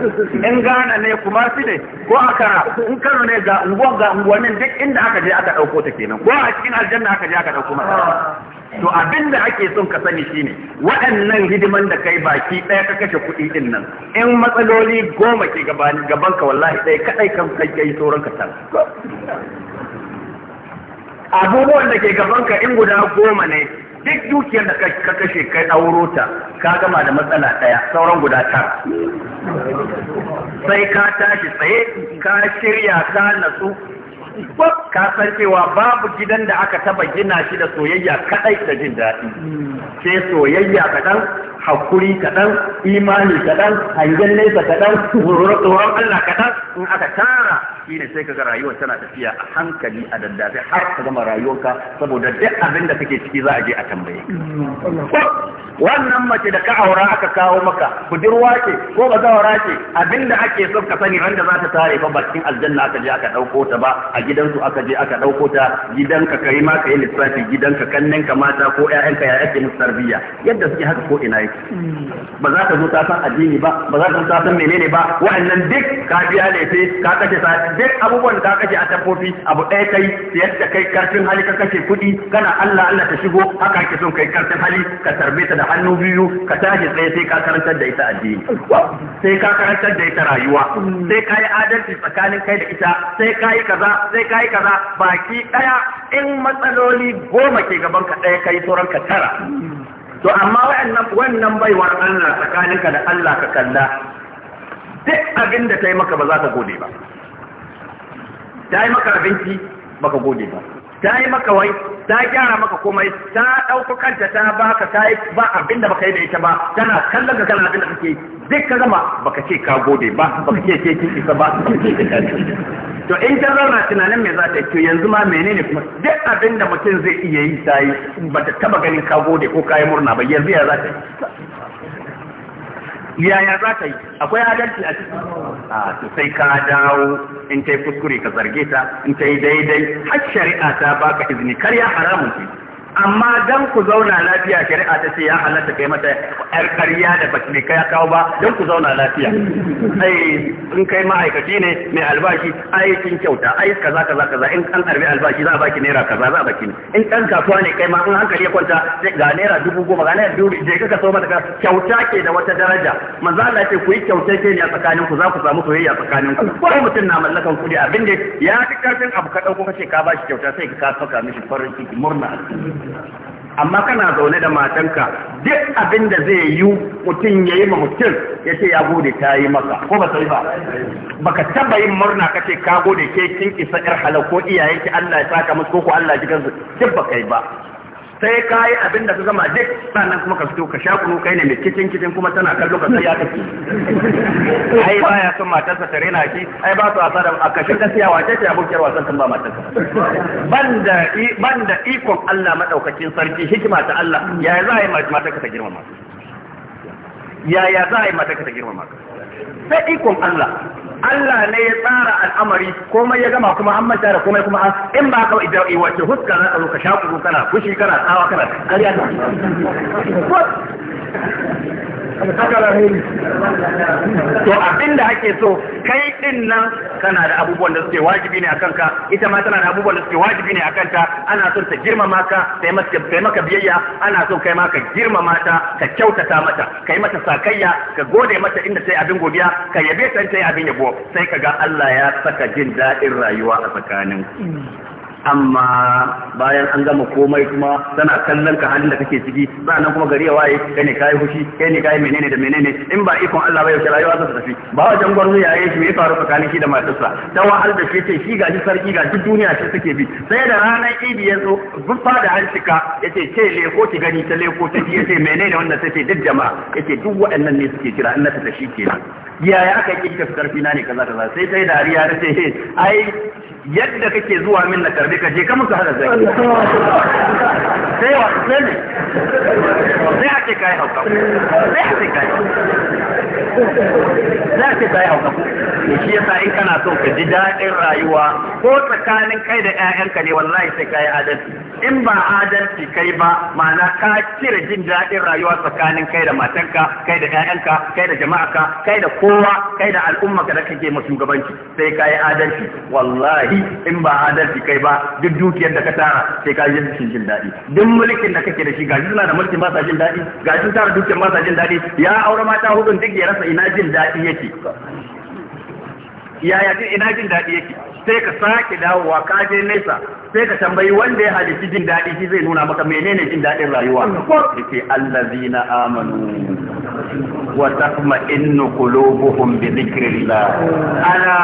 in gana ne kuma su ne ko a kara in Kano ne ga unguwan ga unguwannin duk inda aka je aka dauko ta kenan ko a cikin aljanna aka je aka dauko maka to abin da ake son ka sani shine waɗannan hidiman da kai baki ɗaya ka kashe kuɗi din nan in matsaloli goma ke gaban ka wallahi ɗaya kaɗai kan kai kai sauran ka tara abubuwan da ke gaban ka in guda goma ne duk dukiyar da ka kashe kai ɗauro ta ka gama da matsala ɗaya sauran guda tara sai ka tashi tsaye ka shirya ka natsu ka san cewa babu gidan da aka taba gina shi da soyayya kadai da jin daɗi ke soyayya kaɗan hakuri kaɗan imani kaɗan hangen nesa kaɗan tsoron Allah kaɗan in aka tara shine sai kaga rayuwar tana tafiya a hankali a daddafe har ka gama rayuwarka saboda duk abin da kake ciki za a je a tambaye wannan mace da ka aura aka kawo maka budurwa ce ko ba bazawara ce abinda ake so ka sani wanda za ta tare fa bakin aljanna aka je aka dauko ta ba a gidansu aka je aka dauko ta gidanka kai ma kai lissafi gidanka ka mata ko ƴaƴanka ya yake musu tarbiyya yadda suke haka ko ina yake ba za ka zo ta san addini ba ba za ka zo ta san menene ba wa'annan duk ka biya ne ka kace sati duk abubuwan da kake a tafofi abu ɗaya kai siyar da kai karfin hali ka kashe kuɗi kana Allah Allah ta shigo haka ake son kai karfin hali ka tarbe ta da hannu biyu ka tashi tsaye sai ka karantar da ita addini sai ka karantar da ita rayuwa sai ka adalci tsakanin kai da ita sai ka kaza sai ka kaza baki ɗaya in matsaloli goma ke gaban ka ɗaya kai sauran ka tara to amma wayannan wannan baiwar Allah tsakaninka da Allah ka kalla duk abin da ta yi maka ba za ka gode ba ta yi maka abinci baka gode ba ta yi maka wai ta gyara maka komai ta ɗauka kanta ta baka ta yi ba abinda baka yi da ita ba tana kallon ka kana abinda kake duk ka gama baka ce ka gode ba baka ce ke kin isa ba to in ta zauna tunanin me za ta to yanzu ma menene kuma duk abinda mutum zai iya yi ta yi ba ta taba ganin ka gode ko ka yi murna ba yanzu ya za ta yaya za ka yi akwai adalci a ciki a to sai ka dawo in ta kuskure ka zarge ta in ta yi daidai har shari'a ta baka izini karya haramun ce amma dan ku zauna lafiya shari'a ta ce ya halatta kai mata yar ƙarya da bata mai kai kawo ba dan ku zauna lafiya ai in kai ma'aikaci ne mai albashi ai kin kyauta ai kaza kaza kaza in an karbi albashi za a baki naira kaza za a baki in dan kasuwa ne kai ma in hankali ya kwanta ga naira dubu goma ga naira dubu je ka so mata kyauta ke da wata daraja manzo Allah ce ku yi kyauta ke ne a tsakanin ku za ku samu soyayya tsakanin ku ko mutum na mallakan kudi abin da ya fi karfin abu ka dauko kace ka bashi kyauta sai ka saka mishi farin ciki murna amma kana zaune da matanka duk abin da zai yi mutum ya yi ma mutum ya ce ya gode ta yi maka ko ba sai ba ka taba yin murna ka ce ka gode ke kin isa yar halar ko iyayenki Allah ya saka musu ko ku Allah ya kansu duk baka yi ba sai ka yi abin da ka gama duk sannan kuma ka fito ka sha kunu kai ne mai kicin kicin kuma tana kallo ka sai ya tafi ai ba ya son matarsa ta rena shi ai ba su asara a kashin gaskiya wace ce abokiyar wasan kan ba matarsa banda banda ikon Allah madaukakin sarki hikima ta Allah yaya za a yi matarka ta girmama yaya za a yi matarka ta girmama sai ikon Allah Allah ne ya tsara al'amari komai ya gama kuma an manta da komai kuma an in ba ka idan wace huska za ka zo ka shaku kana fushi kana tsawa kana ƙarya to abinda ake so kai din nan kana da abubuwan da suke wajibi ne akan ka ita ma tana da abubuwan da suke wajibi ne akan ta ana son ta girmama ka sai maka sai maka biyayya ana son kai ma ka girmama ta ka kyautata mata kai mata sakayya ka gode mata inda sai abin godiya ka yabe ta sai abin yabo sai kaga Allah ya saka jin daɗin rayuwa a tsakanin amma bayan an gama komai kuma tana kallon ka halin da kake ciki sannan kuma gari ya waye kai ne kai fushi kai ne kai menene da menene in ba ikon Allah ba yaushe rayuwa za ta tafi ba wajen gwarzo yaye shi ya faru tsakanin shi da matarsa ta wa da shi ce shi gashi sarki gashi duniya ce suke bi sai da ranar idi ya zo da hancika yace ce ko ki gani ta ko ta ji yace menene wannan take duk jama'a yace duk waɗannan ne suke kira in na ta shi kenan yaya aka yi kika karfi na ne kaza kaza sai sai dariya ta ce ai yadda kake zuwa min na karbi ka je ka musu hada zai sai wa sai sai ake kai hauka sai kai za ce kai hauka shi yasa in kana so ka ji daɗin rayuwa ko tsakanin kai da ƴaƴanka ne wallahi sai kai adalci in ba adalci kai ba ma'ana ka cire jin daɗin rayuwa tsakanin kai da matanka kai da ƴaƴanka kai da jama'aka kai da kowa kai da al'umma ka da kake ma shugabanci sai kai adalci wallahi daɗi in ba adalci kai ba duk dukiyar da ka tara sai ka yi shi jin daɗi duk mulkin da kake da shi gashi suna da mulkin ba sa jin daɗi gashi suna da dukiyar ba sa jin daɗi ya aure mata hudun duk ya rasa ina jin daɗi yake yaya ina jin daɗi yake sai ka sake dawowa ka je nesa sai ka tambayi wanda ya halitta jin daɗi shi zai nuna maka menene jin daɗin rayuwa yace allazina amanu wa tatma'innu qulubuhum bi dhikrillah ala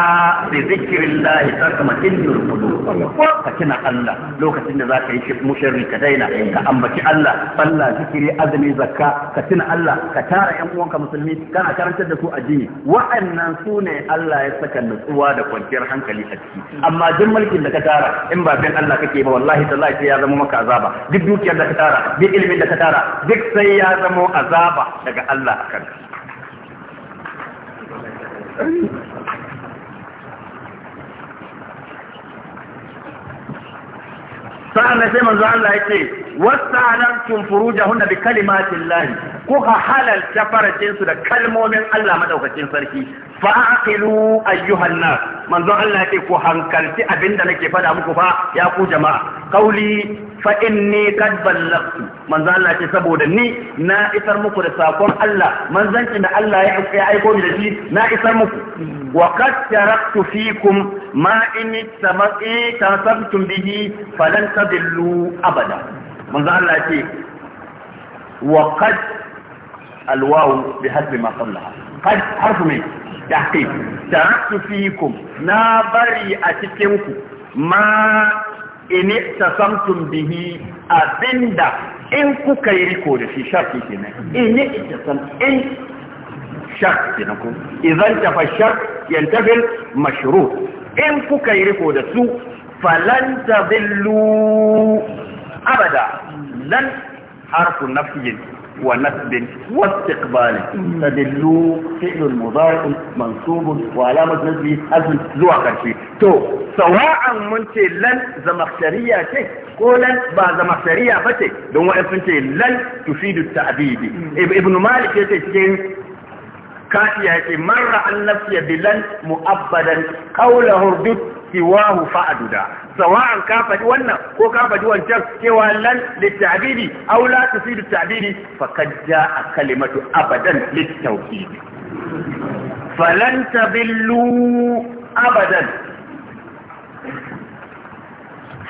bi dhikrillah tatma'innu qulub ka kina Allah lokacin da zaka yi shi musharri ka daina ka ambaci Allah sallah zikiri azumi zakka ka tuna Allah ka tara yan uwanka musulmi kana karantar da su addini wa'annan su ne Allah ya saka nutsuwa da kwanciyar hankali a ciki amma duk mulkin da ka tara in ba bin Allah kake ba wallahi tallahi sai ya zama maka azaba duk dukiyar da ka tara duk ilimin da ka tara duk sai ya zama azaba daga Allah akan ka sa'an sai manzo Allah yake wasta'antum furujahunna bi kalimatin lahi kuka halalta farajin su da kalmomin Allah madaukakin sarki fa'aqilu ayyuhan nas manzo Allah yake ku hankalci abinda nake faɗa muku fa ya ku jama'a qauli fa inni qad ballagtu manzo Allah ce saboda ni na isar muku da sakon Allah manzancin da Allah ya aiko ni da shi na isar muku wa qad taraktu fikum ma in tamaqi tasabtum bihi falan tadillu abada manzo Allah ce wa qad alwaw bihasbi ma qallaha qad harfu min tahqiq taraktu fikum na bari a cikin ku ma ini tasamtum bihi abinda in kuka yi riko da shi shafi kenan ini tasam in shak kenan ko idan tafa shak yantafil mashru in kuka yi riko da su falan tadillu abada lan harfu nafyin ونسب واستقبال تدلو فعل مضارع منصوب وعلامة نسبه أزم زوا كرشي تو سواء من لن زمخشرية شيء قولا با زمخشرية فتي دون وقف لن تفيد التعبيد ابن مالك يتشكين كاتيا يتي مر عن نفسي بلن مؤبدا قوله ردت siwahu fa'aduda sawa'an ka faɗi wannan ko ka faɗi wancan cewa lan litabiri aw la tusidu tabidi faqad jaa kalimatu abadan litawhid falan tabillu abadan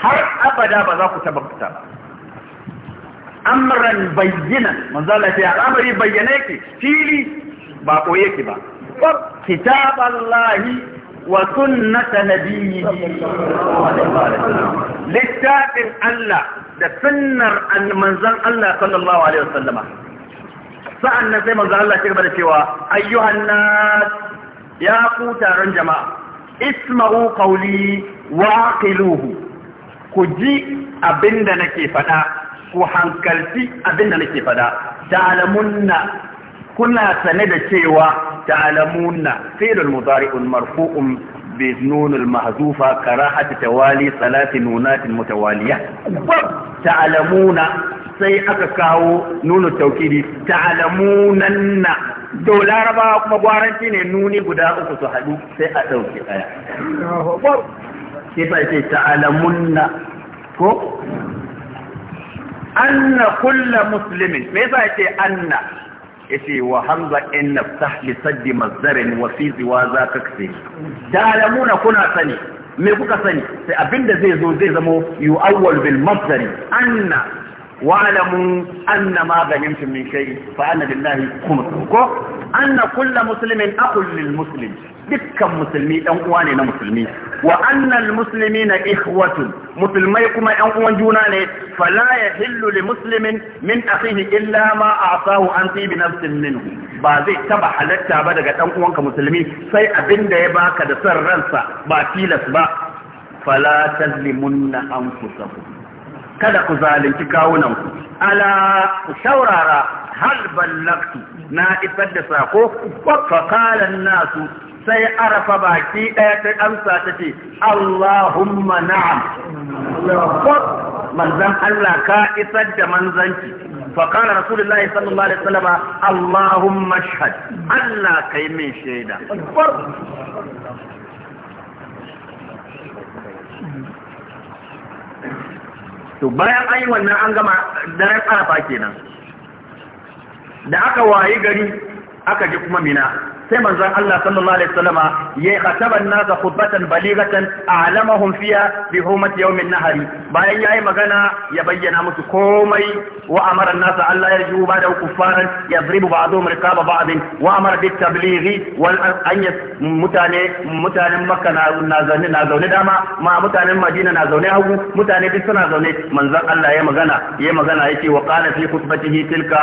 har abada ba za ku tabbata ba amran bayyana manzala ce al'amari bayyana yake fili ba koye ki ba kitab Allah وسنة نبيه littafin Allah da sunnar manzan Allah sallallahu Alaihi wasallama sa'an nan sai manzan Allah shirba da cewa ayyuhan nas ya ku taron jama'a isma'u qawli wa aqiluhu ku ji abinda nake fada ku hankalci abinda nake fada ta'lamunna kuna sane da cewa ta'lamunna fi'lul mudari'un marfu'un bi nun al mahzufa karahati tawali salati nunat mutawaliya ta'lamuna sai aka kawo nunu taukidi ta'lamunanna to laraba kuma gwaranci ne nuni guda uku su haɗu sai a ɗauki ɗaya sai fa ce ta'lamunna ko anna kulla muslimin me yasa ce anna ce wa hamza in naftah li saddi mazarin wa za ka kace da lamuna kuna sani me kuka sani sai abinda zai zo zai zama yu'awwal bil mazar anna wa alamu anna ma ganimtum min shay fa anna lillahi khumsu ko anna kullu muslimin aqul lil muslim dukkan musulmi dan uwa ne na musulmi wa annal na ikhwatun musulmai kuma yan uwan juna ne fala yahillu li muslimin min akhihi illa ma asawu an tibi nafsin minhu ba zai taba halatta ba daga dan uwanka musulmi sai abinda ya baka da san ransa ba tilas ba fala tazlimunna anfusakum kada ku zalunci kawunan ku ala ku shaurara hal ballaktu na isar da sako wa qala nasu sai arafa baki ɗaya ta amsa ta ce Allahumma na'am manzan Allah ka isar da manzanci فقال رسول sallallahu alaihi الله عليه وسلم اللهم اشهد الله كي من شهيدا to bayan an yi wannan an gama daren arafa kenan da aka wayi gari aka ji kuma mina sai manzon Allah sallallahu alaihi wasallama ya khataba an-nas khutbatan balighatan a'lamahum fiha bi hurmati yawm an-nahari bayan yayi magana ya bayyana musu komai wa amara an-nas Allah yarju ba'da kuffaran yadribu ba'dhum riqaba ba'd wa amara bit tablighi wal an mutane mutanen Makka na zaune na zaune dama ma mutanen Madina na zaune hagu mutane duk suna zaune manzon Allah ya magana ya magana yake wa qala fi khutbatihi tilka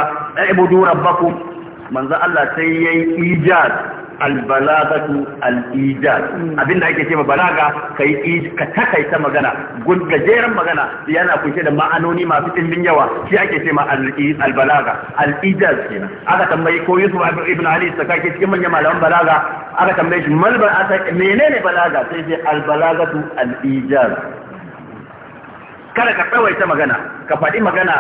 ibudu rabbakum manzo Allah sai yayi ijaz albalagatu al mm. abinda ake cewa balaga kai ka takaita magana gajeren magana yana kunshe da ma'anoni masu dimbin yawa shi ake cewa albalaga al kenan aka tambayi ko Yusuf ibn Ali sakake cikin manyan malaman balaga aka tambaye shi mal balaga menene balaga sai sai albalagatu al kada ka tsawaita magana ka faɗi magana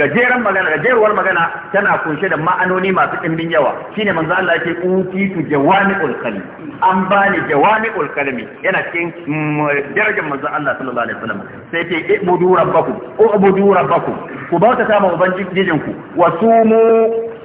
gajeren magana gajeruwar magana tana kunshe da ma'anoni masu ɗimbin yawa shine manzo Allah yake utitu jawami'ul kalim an bani jawami'ul kalimi yana cikin mm, darajar manzo Allah sallallahu alaihi wasallam sai ce ibudu rabbakum ibudu rabbakum ku bauta ta ma ubangijinku wa sumu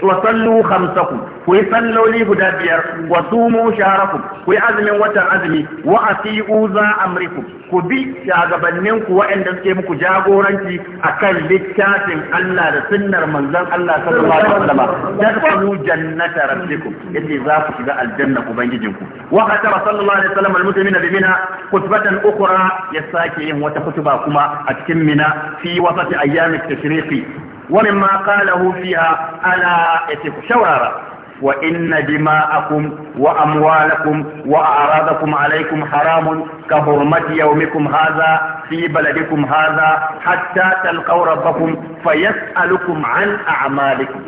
wa sallu khamsakum ku yi salloli guda biyar wa sumu shaharakum ku yi azumin watan azumi wa asiu za amrikum ku bi shagabanninku wa'in waɗanda suke muku jagoranci akan littafin Allah da sunnar manzon Allah sallallahu alaihi wasallam tadkhulu jannata rabbikum yace za ku shiga aljanna ubangijinku wa qatara sallallahu alaihi wasallam almuslimina bi mina khutbatan ukhra ya sake yin wata kutuba kuma a cikin mina fi wasati ayyamit tashriqi ومما قاله فيها ألا يتك shawara. وإن دماءكم وأموالكم وأعراضكم عليكم حرام كحرمة يومكم هذا في بلدكم هذا حتى تلقوا ربكم فيسألكم عن أعمالكم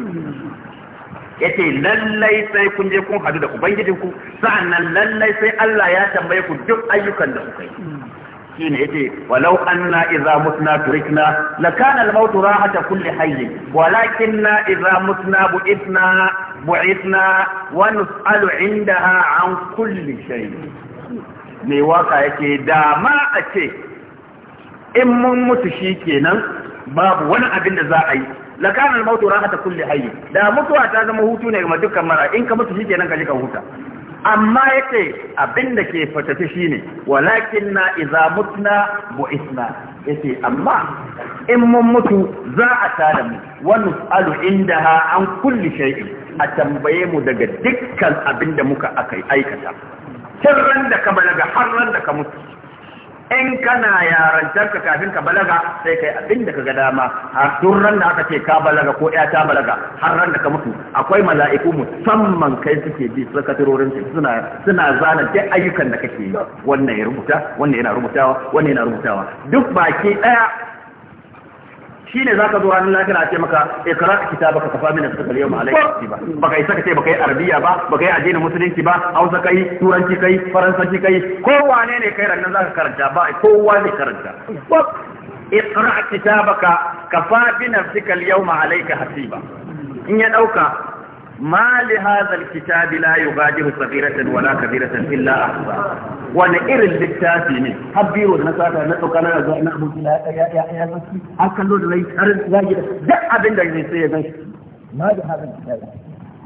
yace lallai sai kun je kun hadu da ubangijinku sa'annan lallai sai Allah ya tambaye ku duk ayyukan da kuka yi shine yace walau anna idza mutna turikna lakana al-maut rahata kulli hayy walakinna idza mutna bu'ithna bu'ithna wa nus'alu 'indaha 'an kulli shay me waka yake da ma a ce in mun mutu shikenan babu wani abin da za a yi lakana al-maut rahata kulli hayy da mutuwa ta zama hutu ne ga dukkan mara in ka mutu shikenan ka je ka huta amma yace abin da ke fatata shine walakin na idza mutna bu'ithna yace amma in mun mutu za a tara mu alu inda ha an kulli shay'in a tambaye mu daga dukkan abin da muka aikata tun ran da ka balaga har ran da ka mutu in kana yarantar ka kafin ka balaga sai kai abin da ga dama har duk da aka ce ka balaga ko ya ta balaga har ran da ka mutu akwai mala'iku musamman kai suke bi sakatarorin su suna suna zana duk ayyukan da kake yi wannan ya rubuta wannan yana rubutawa wannan yana rubutawa duk baki daya shi ne za ka zo ranar lafiya ce maka ikra eh, baka kafa min asfal yawma alayka ba baka isa ce baka yi arabiya ba baka yi addinin musulunci ba hausa kai turanci kai faransanci kai kowa ne ne kai ranar ka karanta ba kowa ne karanta ikra kitabaka kafa bi nafsika al-yawma alayka hasiba in ya dauka ما لهذا الكتاب لا يغادر صغيرة ولا كبيرة إلا أحضر وانا إرل بالتاسي من حبيرو نساتا نتوقع لنا زي نخبو كلا يا يا يا هل كان لون لي أرل لاجر زي أبن لك زي سيئة ما لهذا الكتاب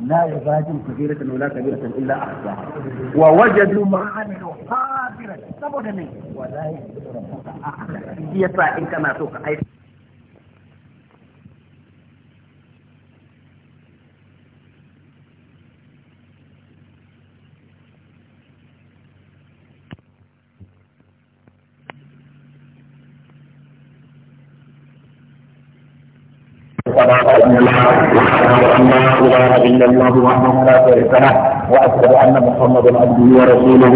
لا يغادر صغيرة ولا كبيرة إلا أحضر ووجدوا ما عملوا حاضرة سبب ولا يغادر أحضر يسا إن كما توقع أيضا واشهد ان لا اله الا الله وحده لا شريك واشهد ان محمدا عبده ورسوله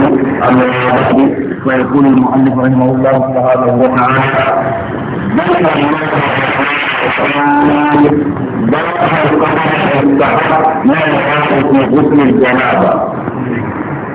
اما بعد فيقول المؤلف رحمه الله سبحانه وتعالى باب قدر السحر لا يخاف في غسل الجنابه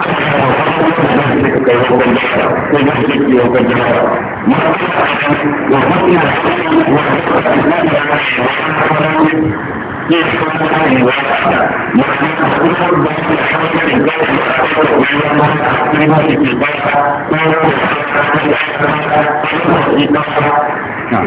kai hukum jasa, kai masjid di hukum jasa. Maka wafatnya wafatnya Nah,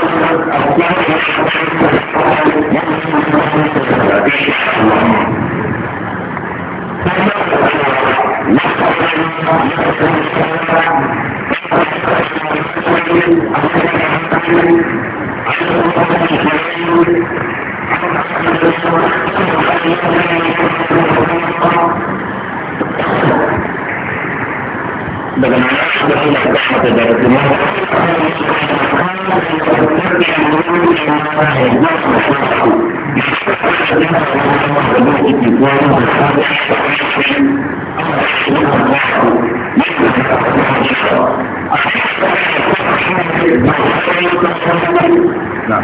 bagaimana وإلى الرحمة ذات المرء نعم.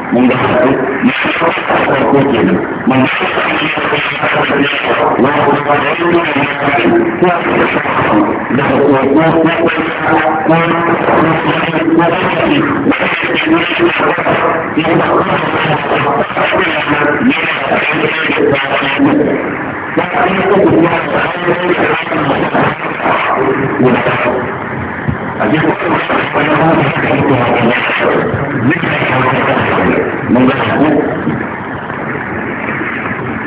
من دخلت وكوتنا من وقضينا Thank you. من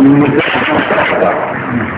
Gracias.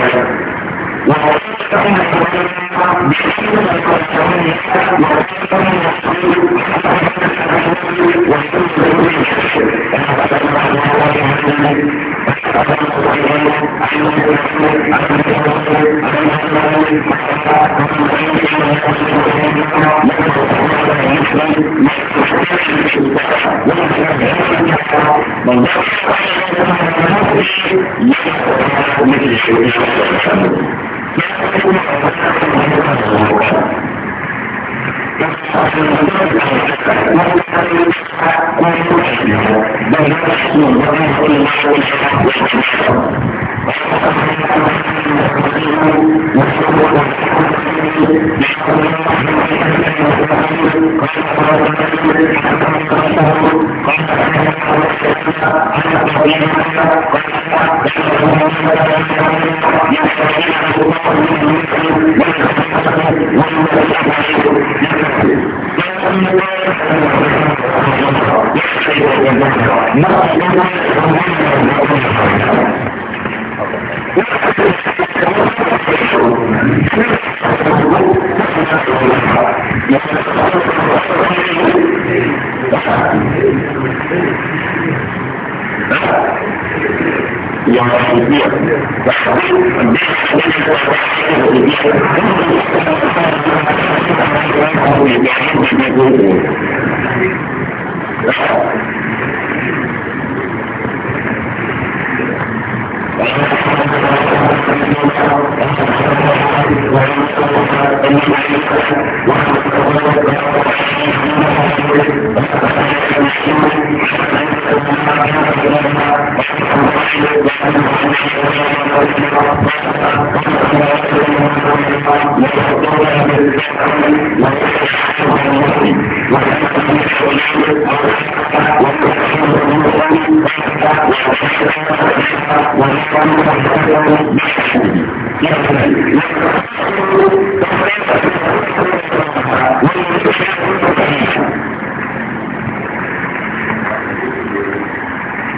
Thank you.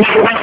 Thank you.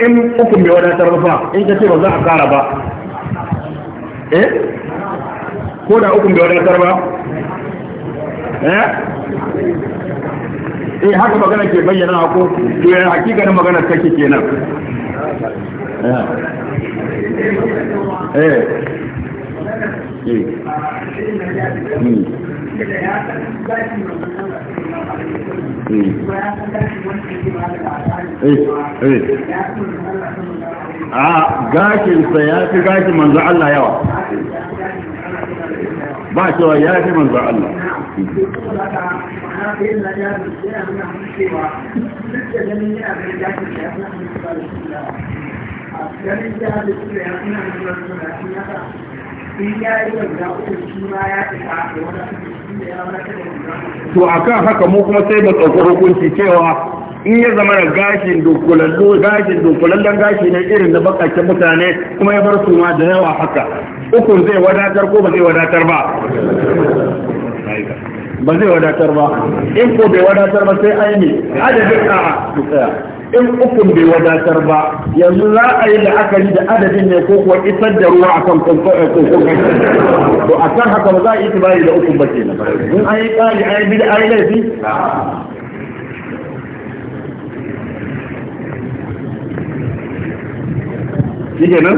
in ukun da wadatar ba in ka ce ba za a kara ba eh ko da ukun da wadatar ba eh? eh haka magana ke bayyana ko to yana hakikanin magana take kenan eh eh, eh. Hmm. Hmm. a gashinsa ya fi gashin manzo Allah yawa ba cewa ya fi manzo Allah to akan haka mu kuma sai mu ɗauki hukunci cewa in ya zama da gashin dokulallo gashin dokulallan gashi ne irin da bakakken mutane kuma ya bar su ma da yawa haka ukun zai wadatar ko ba zai wadatar ba ba zai wadatar ba in ko bai wadatar ba sai aini adadin a in ukun bai wadatar ba yanzu za a yi la'akari da adadin ne ko kuwa isar da ruwa a kan kokon eh, to a kan haka ba za a yi tibari da ukun ba ke nan in an yi kari an yi bida an yi laifi shi nan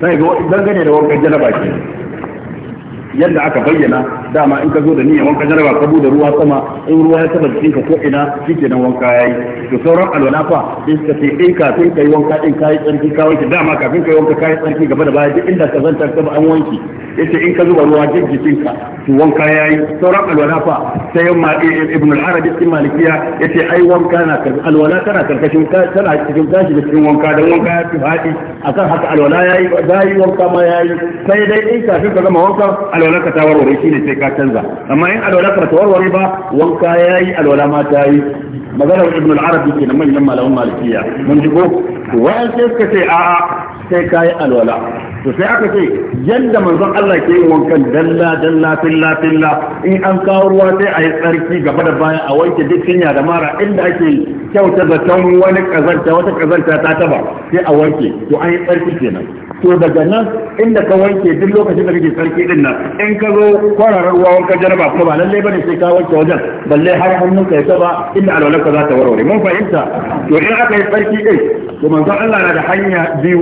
sai ga dangane da wankan janaba ke yadda aka bayyana dama in ka zo da niyan wanka jaraba ka bude ruwa sama in ruwa ya taba jikinka ko ina nan wanka yayi to sauran alwala fa in ka ce in ka kafin kai wanka din kai tsarki ka wanke dama kafin kai wanka kai tsarki gaba da baya duk inda ka zanta ka ba an wanki yace in ka zuba ruwa duk jikinka to wanka yayi sauran alwala fa sai yamma ibn al-arabi cikin malikiya yace ai wanka na kar alwala tana karkashin tana cikin tashi da cikin wanka dan wanka ya fi akan haka alwala yayi bayi wanka ma yayi sai dai in kafin ka zama wanka alwala ka ta warware shine sai ka canza amma in alwala ka ta warware ba wanka yayi alwala ma ta yi maganar ibn al-arabi kenan manyan malaman malikiya mun ji wa'an sai suka ce a'a sai ka yi alwala to sai aka ce yadda manzon Allah ke yi wankan dalla dalla filla filla in an kawo ruwa sai a yi tsarki gaba da baya a wanke duk cinya da mara inda ake kyauta zaton wani kazanta wata kazanta ta taba sai a wanke to an yi tsarki kenan to daga nan inda ka wanke duk lokacin da kake tsarki din nan in ka zo kwararar ruwa wankan jaraba kuma ba lalle bane sai ka wanke wajen balle har hannun ka ya taba inda alwalarka za ta warware mun fahimta to in aka yi tsarki din to manzon Allah na da hanya biyu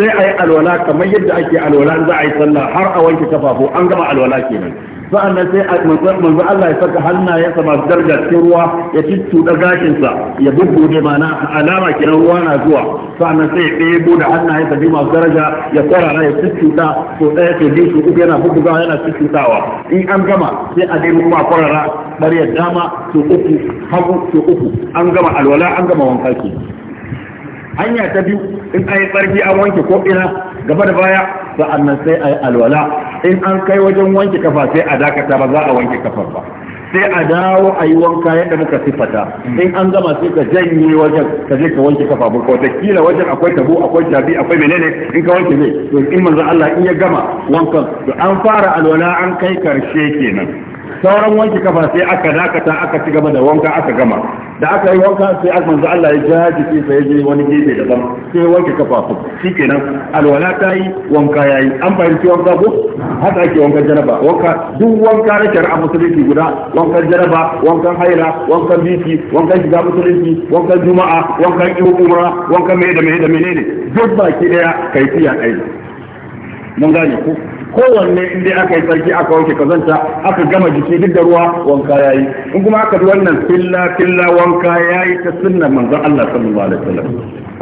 sai a yi alwala kamar yadda ake alwala za a yi sallah har a wanke kafafu an gama alwala kenan sa'an sai a manzo Allah ya saka hannayensa masu darga cikin ruwa ya tuttuɗa gashinsa ya bubbude mana alama kenan ruwa na zuwa sa'an nan sai ya ɗebo da hannayensa biyu masu daraja ya kwarara ya da to ɗaya ke biyu uku yana bubbugawa yana tuttuɗawa in an gama sai a ɗebo kuma kwarara ya dama su uku hagu su uku an gama alwala an gama wanka ke hanya ta biyu in an yi tsarki an wanke ko ina gaba da baya sa'annan sai a yi alwala in an kai wajen wanke kafa sai a dakata ba za a wanke kafar ba sai a dawo a yi wanka yadda muka sifata in an gama sai ka janye wajen ka je ka wanke kafafun ka wataƙila wajen akwai tabo akwai jabi akwai menene in ka wanke zai to in manzo Allah in ya gama wankan to an fara alwala an kai karshe kenan sauran wanki kafa sai aka dakata aka ci gaba da wanka aka gama da aka yi wanka sai aka manzo Allah ya jaji ki sai je wani gefe da daban sai wanke kafa ku shikenan alwala ta yi wanka yayi an fahimci wanka ku haka ake wankan jaraba wanka duk wanka na shari'a musulunci guda wankan jaraba wankan haila wankan biki wankan shiga musulunci wankan juma'a wankan ihu umra wankan mai da mai da menene duk baki daya kaifiya ɗaya mun gane ku. kowanne in dai aka yi sarki aka wanke kazanta aka gama jiki duk da ruwa wanka yayi in kuma aka wannan filla filla wanka yayi ta sunnar manzon Allah sallallahu alaihi wasallam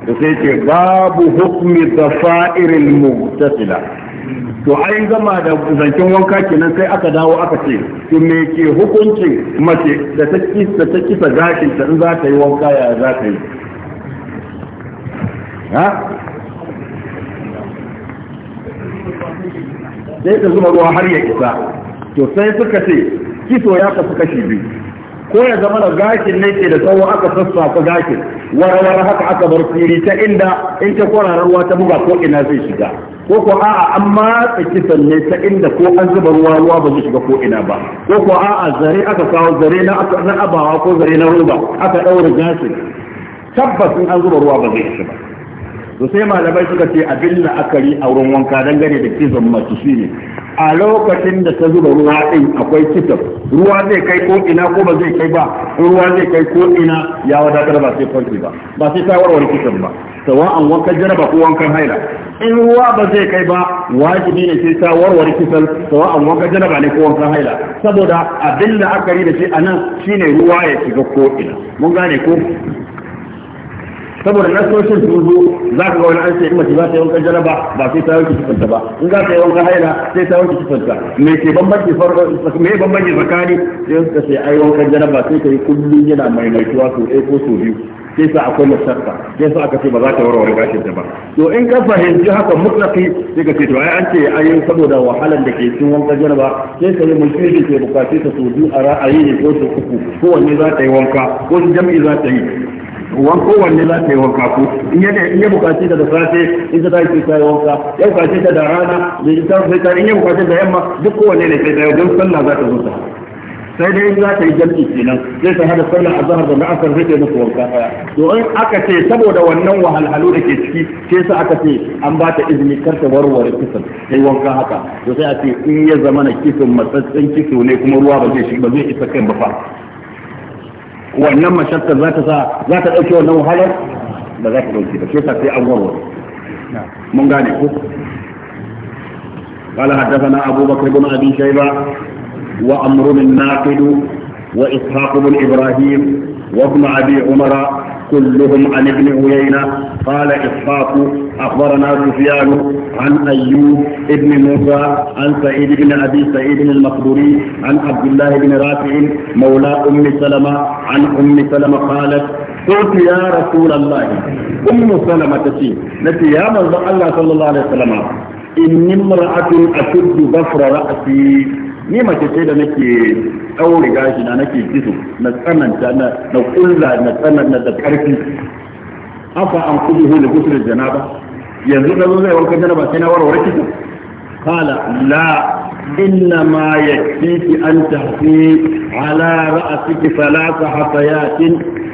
to sai ce babu hukmi ta fila. to an gama da zancen wanka kenan sai aka dawo aka ce to me ke hukuncin mace da ta kisa ta kisa gashin ta in za ta yi wanka ya za ta yi sai ta zuba ruwa har ya isa to sai suka ce kiso ya kasu kashi biyu ko ya zama da gashin ne ke da tsawo aka sassa sassafa gashin warawar haka aka bar fili ta inda in ta kwararar ruwa ta buga ko ina zai shiga ko ko a'a an matsa kisan ne ta inda ko an zuba ruwa ruwa ba zai shiga ko ina ba ko ko a'a zare aka kawo zare na abawa ko zare na roba aka ɗaura gashin tabbas in an zuba ruwa ba zai shiga ba to sai malamai suka ce abin la'akari a wurin wanka don gane da kizon mace shi ne a lokacin da ta zuba ruwa din akwai kitab ruwa zai kai ko ina ko ba zai kai ba ruwa zai kai ko ina ya wadatar ba sai farki ba ba sai ta warware kitab ba sawa'an wankan jaraba ko wankan haila in ruwa ba zai kai ba wajibi ne sai ta warware sawa an wankan jaraba ne ko wankan haila saboda abin yi da shi anan shine ruwa ya shiga ko ina mun gane ko saboda na sun zo za ka ga wani an sai mace za ta yi wankan jaraba ba sai ta wanke kifanta ba in za ta yi wankan haila sai ta wanke kifanta me ke bambanci me bambanci tsakani sai suka sai ai wankan jaraba sai ta yi kullum yana mai sau ɗaya ko sau biyu sai sa akwai masarta sai sa aka ce ba za ta warware gashin ta ba to in ka fahimci haka mutlaki sai ka ce to ai an ce ai saboda wahalan da ke cikin wankan jaraba sai ka yi mutum da ke bukace ta so biyu a ra'ayi ne ko sau uku ko wanne za ta yi wanka ko jam'i za ta yi wan kowanne za ta yi wanka ko in yadda in ya bukace ta da safe in ta tashi ta yi wanka ya bukace ta da rana da ita sai ta in ya bukace da yamma duk kowanne ne sai da yi don sallah za ta zo ta sai dai za ta yi jam'i kenan sai ta hada sallar azhar da la'asar sai ta yi muku wanka daya to in aka ce saboda wannan wahalhalu da ke ciki sai sa aka ce an ba ta izini kar ta warware kisan yi wanka haka to sai a ce in ya zama na kisan matsatsen kiso ne kuma ruwa ba zai shi ba zai isa kai ba fa wannan mashakka za ta sa za ta ɗauke wannan wahalar ba za ta ɗauke ba shi sai an warware mun gane ku قال حدثنا أبو بكر بن أبي شيبة وأمر الناقد وإسحاق بن إبراهيم وابن أبي عمر كلهم عن ابن عيينة قال إسحاق أخبرنا سفيان عن أيوب بن موسى عن سعيد بن أبي سعيد المقبوري عن عبد الله بن رافع مولى أم سلمة عن أم سلمة قالت قلت يا رسول الله أم سلمة تشي التي يا من الله صلى الله عليه وسلم إني امرأة أشد بصر رأسي ni mace ce da nake tsauri gashi na nake kiso na tsananta na kulla na tsananta da karfi afa an kudu hu da gusul janaba yanzu da zo zai wanka janaba sai na warware kiso kala la إنما يكفيك أن تحفي على رأسك ثلاث حفيات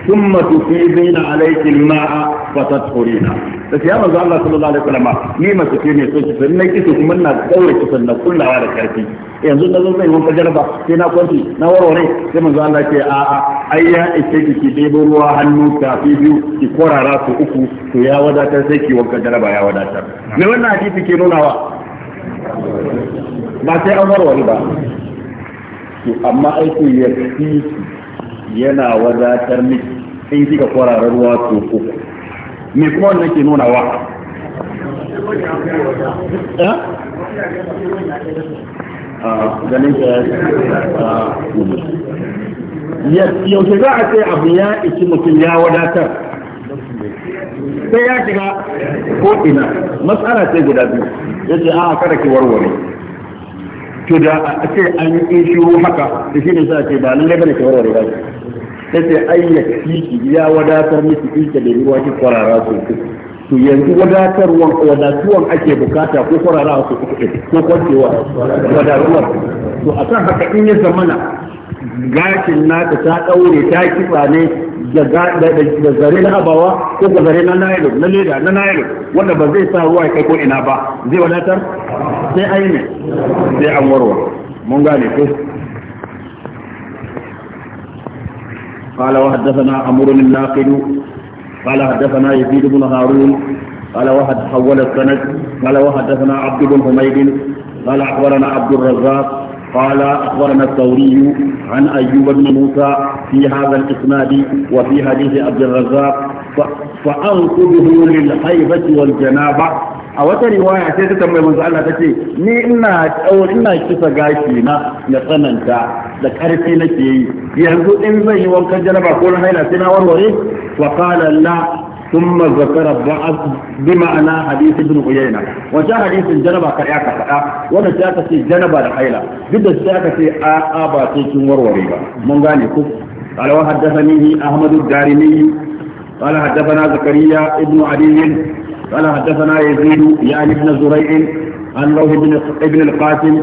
ثم تفيضين عليك الماء فتدخلين بس يا رسول الله صلى الله عليه وسلم ni masu ce ne soki sai kuma na daure kisan na da karfi yanzu na zo zai wanka jaraba sai na kwanti na warware sai manzo Allah ce a a ai ya ishe ki ki debo ruwa hannu tafi biyu ki korara su uku to ya wadatar sai ki wanka jaraba ya wadatar me wannan hadisi ke nunawa ba sai an warware ba to amma aiko ya fi yana wadatar miki in kika kwararar ruwa to ko me kuma wannan ke nuna wa eh? ah, ganin ah, za a ce abu ya ici mutum ya wadatar sai ya shiga ko ina matsala sai guda biyu ya ce a ah, kada ki warware to da a ce an yi shiru haka da shi ne sa ce ba nan gaba ne ke warware ba ta ce ayyaki fiki ya wadatar miki ita da ruwa ki kwarara sosai to yanzu wadatarwan wadatuwan ake bukata ko kwarara su kuɗi ko kwancewa wadatuwar to akan haka in ya zamana gashin naka ta ɗaure ta kifa ne da zare na abawa ko da zare na nailo na leda na nailo wanda ba zai sa ruwa ya kai ko ina ba zai wadatar sai ai ne sai an warwa mun gane ko قال وحدثنا عمرو الناقد قال حدثنا يزيد بن هارون قال وحد حول السند قال وحدثنا عبد بن حميد قال اخبرنا عبد الرزاق قال أخبرنا الثوري عن أيوب بن موسى في هذا الإسناد وفي حديث عبد الرزاق فأنقذه للحيضة والجنابة a wata riwaya sai ta tambayi manzo Allah tace ni ina tsaur ina kisa gashi na na tsananta da karfi nake yi yanzu in zan yi wankan janaba ko na haila sai na warware wa qala la ثم ذكر بعض بمعنى حديث ابن عيينة وجاء حديث الجنبة كرياكا فأ وانا شاكا في جنبة الحيلة جدا شاكا في آبا تيكين وروريبا من غاني كف قال وحدثني أحمد الدارمي قال حدثنا زكريا ابن علي قال حدثنا يزيد يعني ابن زريع عن روح ابن القاسم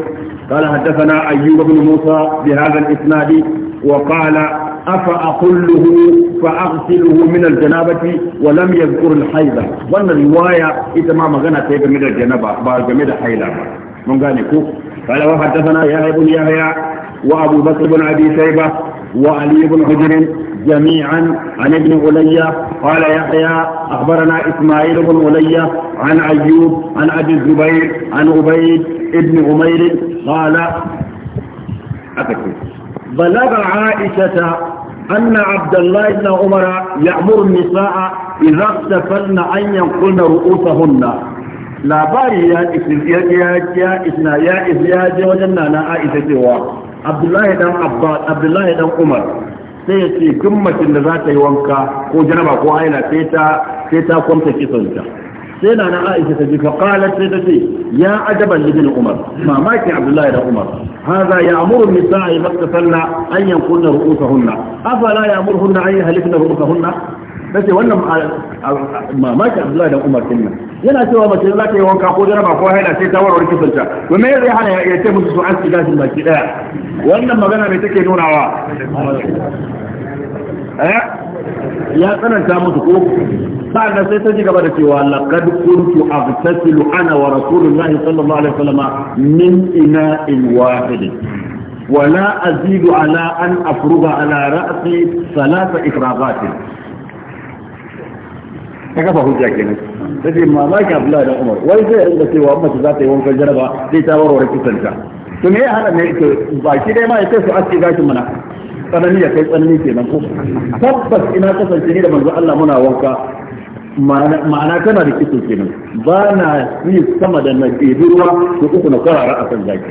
قال حدثنا أيوب بن موسى بهذا الإسناد وقال أفأقله فأغسله من الجنابة ولم يذكر الحيضة وأن الرواية ما مغنى تيب من الجنابة بعد من من قال قال وحدثنا يا ابن يحيى وأبو بكر بن أبي شيبة وعلي بن حجر جميعا عن ابن علي قال يحيى أخبرنا إسماعيل بن علي عن أيوب عن أبي الزبير عن عبيد ابن عمير قال بلغ عائشة أن عبد الله بن عمر يأمر النساء إذا اغتسلن أن ينقلن رؤوسهن لا إثنى يا إثنى يا إثنى يا إثنى يا إثنى يا cewa abdullahi dan abbas abdullahi dan umar sai ya ce duk macin da za ta yi wanka ko jaraba ko aina sai ta sai ta kwamta kisanta sai na na aisha ta ji fa qalat sai ta ce ya ajaban libin umar mamaki abdullahi dan umar hadha ya'muru nisa'i maktasanna an yankunna ru'usahunna afala ya'muruhunna an yahlifna ru'usahunna nace wannan mamaki abdullahi dan umar din yana cewa mace za ta yi wanka ko jaraba ko haila sai ta warware kifinta to me zai hana ya ce musu su aski gashin baki daya wannan magana mai take nunawa ya tsananta musu ko sa'an sai ta ji gaba da cewa laqad kuntu aghtasilu ana wa rasulullahi sallallahu alaihi wasallam min ina'in wahid ولا أزيد على أن أفرغ على رأسي ثلاث إفراغات ka kafa hujja kenan sai mamaki Abdullahi dan Umar wai zai rinda cewa mace za ta yi wankan jaraba sai ta warware kusanta to me ya hada ne ita ba shi dai ma ya su aske gashin mana tsanani ya kai tsanani kenan ko tabbas ina kasance ni da manzo Allah muna wanka ma'ana kana da kitso kenan ba na yi sama da na ɗebi ruwa ko uku na kwarara a kan zaki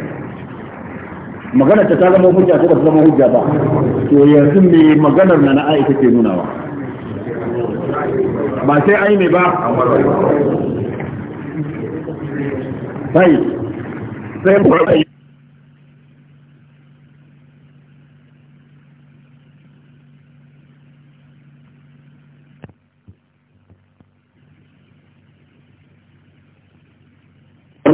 magana ta zama hujja ta zama hujja ba to yanzu me maganar na na aisha ke nunawa ba sai aini ba bai sai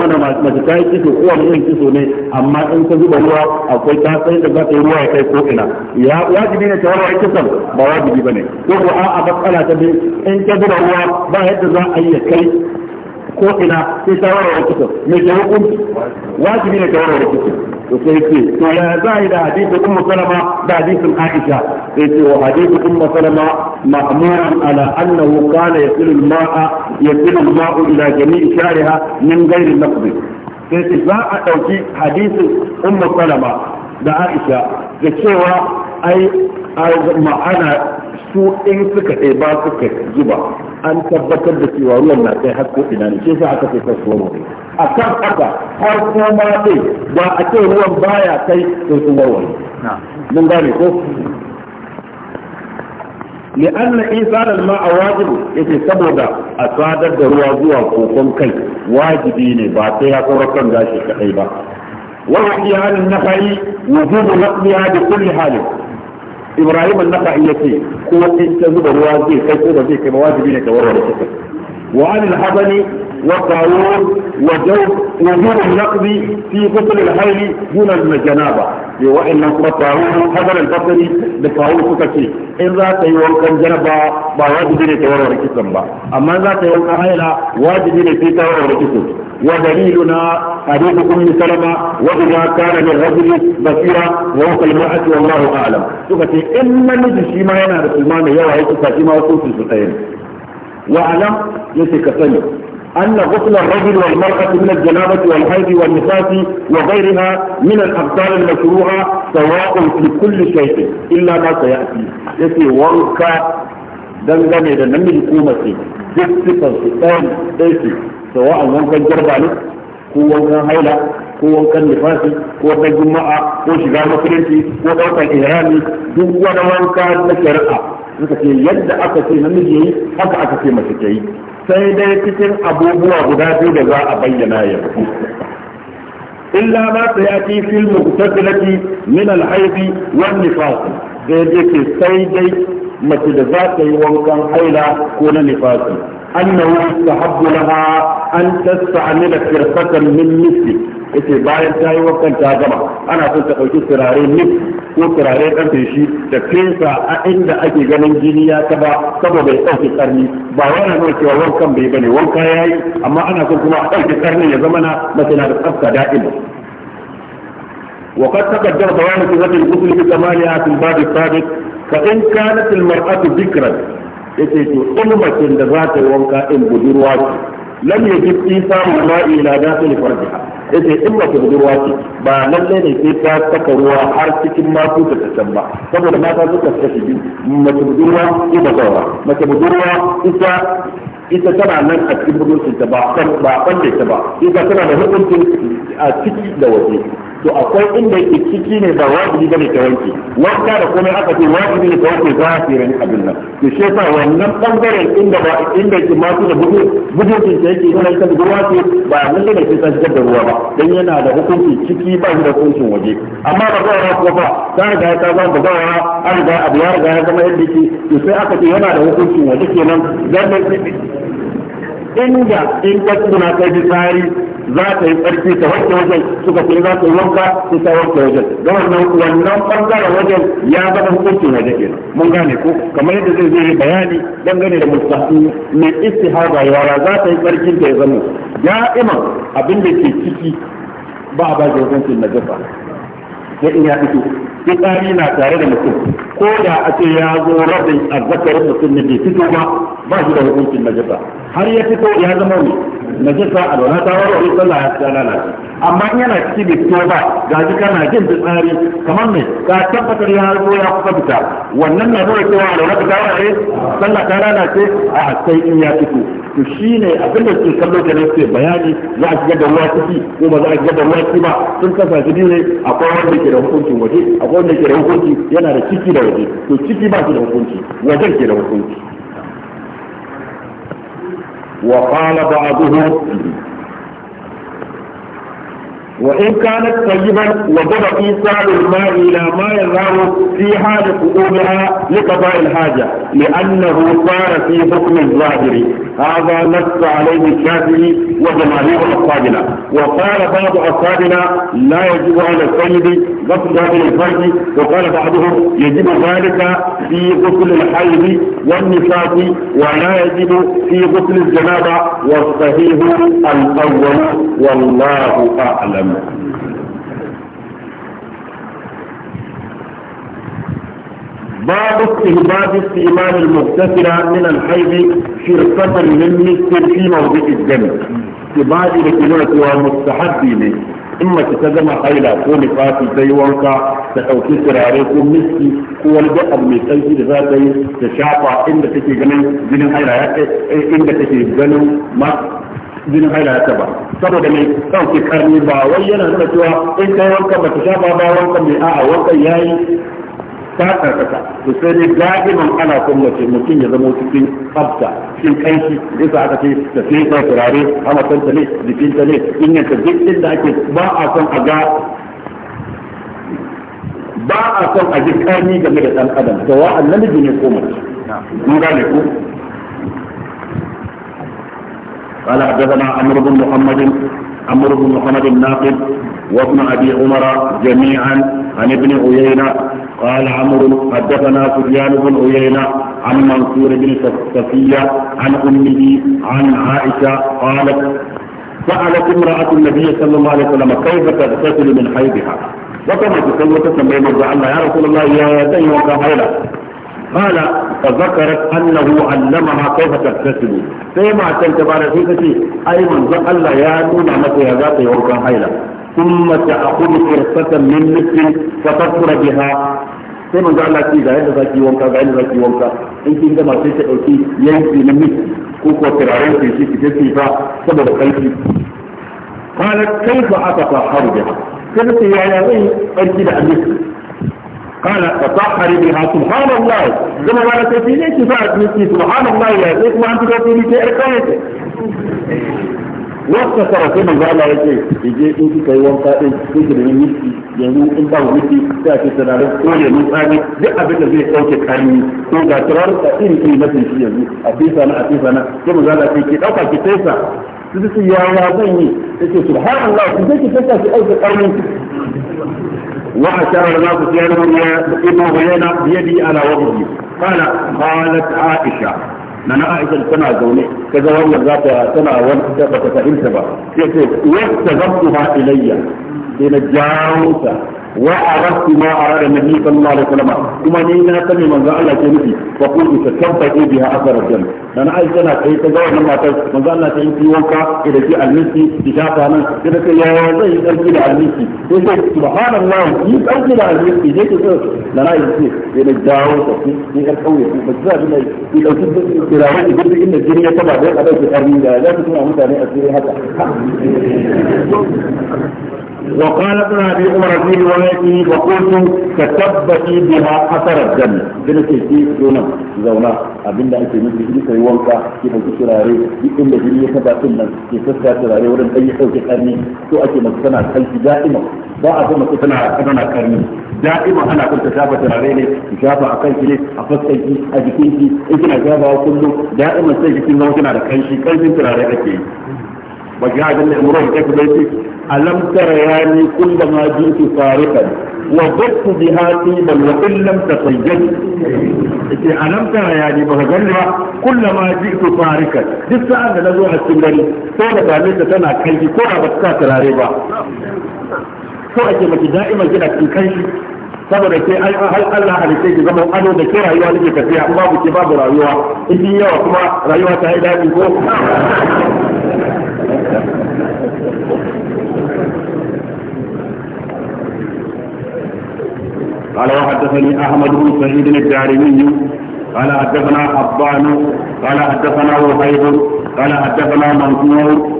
wanda mace ta yi kiso wani yin kiso ne amma in ka zuba ruwa akwai ta da zata yi ruwa ya kai ko ina ya wajibi ne ta warware kisan ba wajibi ne, ko ko a a matsala ta bi in ka zuba ruwa ba yadda za a yi ya kai ko ina sai ta warware kisan me ke hukunci wajibi ne ta warware kisan to sai ce to ya za a yi da hadisin ummu salama da hadisin aisha sai ce wa hadisin ummu salama ma'muran ala annahu kana yasilu al-ma'a yasilu al-ma'u ila jami'i shariha min ghairi naqdi sai ce za a dauki hadisin ummu salama da aisha da cewa ai ma'ana su in suka ɗai ba suka zuba an tabbatar da cewa ruwan na kai hasko ina ne shi sai aka fita su wani a kan haka har kuma ba a ce ruwan baya kai to su wani mun gane ko li anna isar al ma'a wajibu yake saboda a sadar da ruwa zuwa kokon kai wajibi ne ba ta ya kora kan gashi kadai ba wa hiyalin nafai wujubu nafiya da kulli halin إبراهيم النقع يتي قوة إستاذ بالواجه خيطة ذيك مواجبين كورو لكتك وعن الحبل والطاعون وجوب وجوب النقض في غسل الحيل دون الجنابه وإن الطاعون حبل البصري بطاعون سكتي إن ذات يوم جنبا بواجب لي تورور اما ان أما ذات يوم حيلا واجب لي في تورور ودليلنا حديث أم سلمة وإذا كان للرجل بصيرا وهو المرأة والله أعلم سكتي إن نجي ما ينادى المعنى يوعي سكتي ما في سكتين واعلم سنه أن غسل الرجل والمرأة من الجنابة والحيض والنفاس وغيرها من الأبطال المشروعة سواء في كل شيء إلا ما سيأتي يتي وانكا دنغني دنمي لكومتي جسكا سيطان إيسي سواء وانكا جربة لك هو wankan haila ko wankan nifasi ko wankan juma'a ko shiga musulunci ko ɗaukar ihrami duk wani wanka suka ce yadda aka ce namiji yayi haka aka ce mace ta yi sai dai cikin abubuwa guda biyu da za a bayyana yanzu illa ma ta yati fil mutasilati min al haidi wan nifas sai dai ke sai dai mace da za ta yi wankan haila ko na nifasi annahu yustahabbu laha an tasta'mila firqatan min misli yace bayan ta yi wakan ta gama ana son ta ɗauki turare ne ko turare ɗan feshi da fesa a inda ake ganin jini ya taba saboda ya ɗauki karni ba yana nuna cewa wankan bai bane wanka ya yi amma ana son kuma a ɗauki karni ya zama na mace na da tsafta da'ima وقد تقدم بيان صفة الغسل بكمالها في الباب السابق فإن كانت المرأة ذكرا yace to in macen da za ta yi wanka in budurwa ce lam yajib isa ma'i ila dakhil farjiha yace in mace budurwa ce ba lallai ne sai ta saka ruwa har cikin masu ta can ba saboda mata suka kashe biyu mace budurwa ita saura mace budurwa ita ita tana nan a cikin budurcin ta ba ban da ta ba ita tana da hukuncin a ciki da waje to akwai inda yake ciki ne ba wajibi ba ne tawanki wanke wanka da komai aka ce wajibi ne ka tsere ni abin nan to shi yasa wannan bangaren inda ba inda yake masu da bugu bugun da yake yana kan ruwa ce ba mun da ke san da ruwa ba dan yana da hukunci ciki ba da hukuncin waje amma ba ba ra ko ba ta ga ta zama ba ba an riga abu ya riga ya zama yadda ke to sai aka ce yana da hukuncin waje kenan dan inda in ta tsuna kai fitsari za ta yi tsarki ta wanke wajen suka ce za ta yi wanka su ta wanke wajen don wannan wannan bangaren wajen ya zama hukuncin waje ke mun gane ko kamar yadda zai zai bayani dangane da mutane mai istihaba yara za ta yi tsarki ta ya zama da'iman abin da ke ciki ba a ba da hukuncin najasa ya in ya fito fitsari na tare da mutum ko da a ce ya zo rabin azzakarin mutum ne bai fito ba ba shi da hukuncin najasa har ya fito ya zama ne najasa a lona ta wani wani sallah ya lalace amma in yana ciki bai fito ba ga jika kana jin da tsari kamar mai ka tabbatar ya zo ya kusa fita wannan na nuna cewa a lona ta wani sallah ta lalace a sai in ya fito to shine abin da ke kallo da nake bayani za a shiga da ruwa ciki ko ba za a shiga da ruwa ciki ba sun kasance ne akwai wanda ke da hukunci waje akwai wanda ke da hukunci yana da ciki da waje to ciki ba shi da hukunci wajen ke da hukunci wa qala ba'dhum وإن كانت طيبا وضب إيصال الماء إلى ما يظهر في حال قدومها لقضاء الحاجة لأنه صار في حكم الظاهر هذا نص عليه الشافعي وجماهير أصحابنا وقال بعض أصحابنا لا يجب على الطيب غسل هذه الفرد وقال بعضهم يجب ذلك في غسل الحيض والنفاق ولا يجب في غسل الجنابة والصحيح الأول والله أعلم wannan باب استهباب استعمال المغتسلة من الحيض في السفر من مصر في موضع الدم استباد لكنوك ومستحب لي إما تتزم حيلة كون فاتي زي وانكا تأوكي سراري كون مسكي هو البقر من سيدي لذاتي تشافى إن تكي جنن جنن حيلة إن تكي جنن ما jinin haila ta ba saboda mai ɗauke karni ba wai yana nuna cewa in kai wanka ba ta shafa ba wanka mai a'a wanka yayi ta karkata to sai dai da'iman ana kun mace mutum ya zama cikin tsafta cikin kanshi yasa aka ce ta sai ta turare amatanta ne jikinta ne in yanka duk inda ake ba a son a ga ba a son a ji karni game da ɗan adam da wa'an namiji ne ko mace mun gane ko قال حدثنا عمرو بن محمد عمرو بن محمد الناقد وابن ابي عمر جميعا عن ابن عيينه قال عمرو حدثنا سفيان بن عيينه عن منصور بن صفيه عن امه عن عائشه قالت سالت امراه النبي صلى الله عليه وسلم كيف تغتسل من حيضها وكما تسوى تسمى الله يا رسول الله يا زين وكهيله قال فذكرت أنه علمها كيف تكتسب فيما تنتبار في كتير أي من ذقل يا دون مسيح ذات يوركا حيلا ثم تأخذ فرصة من مثل فتذكر بها فيما ذقل لك إذا هل ذاك يوركا غير ذاك يوركا إنك عندما تتأتي ينسي من مثل كوكو ترعون في شيء كتير سبب قلبي قالت كيف أتطهر بها كيف يعني أنت أنت أنت قال فطهري بها سبحان الله كما قال تسيني كفاءة مثلي سبحان الله يا زيك ما أنت تسيني كأركايته wata sara sai manzo Allah yake yaje in kika yi wanka din kike da miki yanzu in ba miki sai ake tunanin ko ne mun tsani duk abin da zai dauke karni ko ga turar ka in ki mutun shi yanzu a bisa na a bisa na sai manzo Allah yake ki dauka ki tsaisa su su ya ya zan yi yake subhanallah ku je ki tsaisa ki aika karni وأشار الناس في أنهم هنا بيدي أنا وجهي قال قالت عائشة نانا عائشة سنة زوني كذا وانا ذات سنة وانا فتحين سبا يقول واستغبتها إلي لنجاوسة وعرفت ما أراد النبي صلى الله عليه وسلم كما نينا سمي من ذا الله كنفي وقلت تتبعي بها أثر الجنة أنا أي سنة كي تزوج لما من ذا الله كنفي وكا إذا جاء المسي إشاءة أنا إذا كي يوزي المسي إذا سبحان الله كيف أنكي المسي جيت تزوج لنا يسير إذا جاءوا تفكي إذا الحوية بجزاء بالله إذا كنت إن الدنيا تبع ذلك أبيت لا تسمع مثالي أسيري هذا وقال ابن أبي عمر في رواية سمعتي وقلت تتبتي بها اثر الدم بين كيفي زونا زونا abin da ake nufi in kai wanka ki ba turare duk inda jini ya taba tun nan ki fuska turare wurin dan ya dauke karni to ake mace tana kalki da'ima ba a kuma tana tana karni da'ima ana kun ta shafa turare ne ki shafa a kanki ne a fuskan ki a jikin ki in kina shafa kullum da'ima sai ki kin zama kina da kanshi kanshin turare ake yi وجعل المرض بيتي ألم ترى يعني كل ما جئت فارقا وضبت بها طيبا وإن لم تطيبني ألم ترى يعني بغزلها كل ما جئت فارقا جس أن لدو هستنبري فورة عميسة تنا كيدي كورا بكات العريبا فورة جمك دائما جدك في كيدي سبب كي أي الله هل كيدي زمو أنو بكرا يوا لكي تفيا الله بكباب رأيوا إذن يوا كما رأيوا تهيدا بكو قال وحدثني أحمد بن سعيد الدارمي قال حدثنا حبان قال حدثنا وحيد قال حدثنا منصور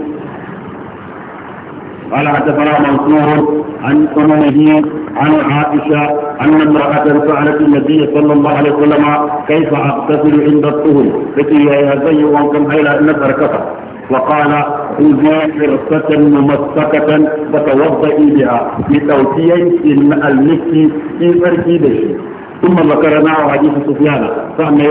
قال حدثنا منصور عن أمه عن عائشة أن امرأة سألت النبي صلى الله عليه وسلم كيف أغتسل عند الطهر فتي يا زي وأنكم هيلا إن تركتها وقال خذي فرصة ممسكة فتوضئي بها لتوكيين المسك في تركيبه ثم ذكر معه حديث سفيان فأما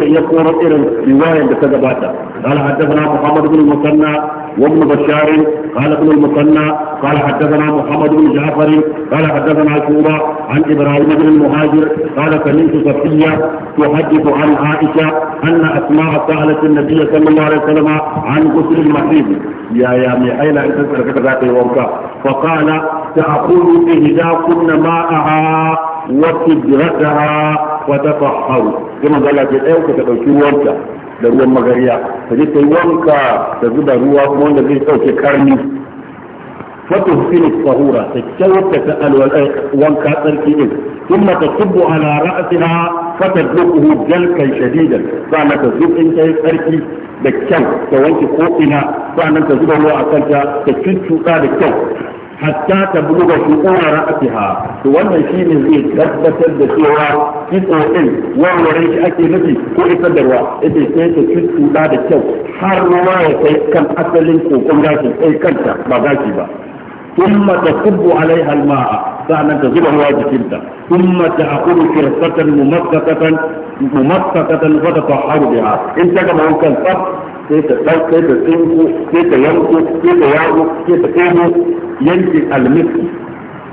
يكون إرن رواية بكذباتا قال حدثنا محمد بن المثنى وابن بشار قال ابن المثنى قال حدثنا محمد بن جعفر قال حدثنا شورى عن إبراهيم بن المهاجر قال سمعت صفية تحدث عن عائشة أن أسماء سألت النبي صلى الله عليه وسلم عن غسل المحيط يا يا من أين أنت تذكر ذات فقال سأقول إهداكن ماءها وتجرتها وتطهر كما قال لك ايوك تدوكي وانك da ruwan magariya ta je ta yi wanka da zuba ruwa kuma wanda zai ɗauke karni fata husini sahura ta kyauta ta eh, wanka tsarki din kuma ta tubu ala ra'asiha fata dukuhu jalkan shadidan sannan ta zuba in ta yi tsarki da kyau ta wanke ko ina sannan ta zuba ruwa a kanta ta cuccuɗa da kyau hatta ta buluga shi tsara ha to wannan shine zai tabbatar da cewa kitso ɗin warware shi ake nufi ko isar da ruwa yace sai ta cutuɗa da kyau har ruwa ya kai kan asalin kokon gashin kai kanta ba gashi ba ثم تصب alai halma'a sa'annan ta zuba ruwa jikinta thumma ta'khudhu firsatan mumakkatan mumakkatan fa tatahharu biha in ta gama wankan tsaf sai ta dauke ta tsinko sai ta yanko sai ta yago sai ta kemo yanki almiski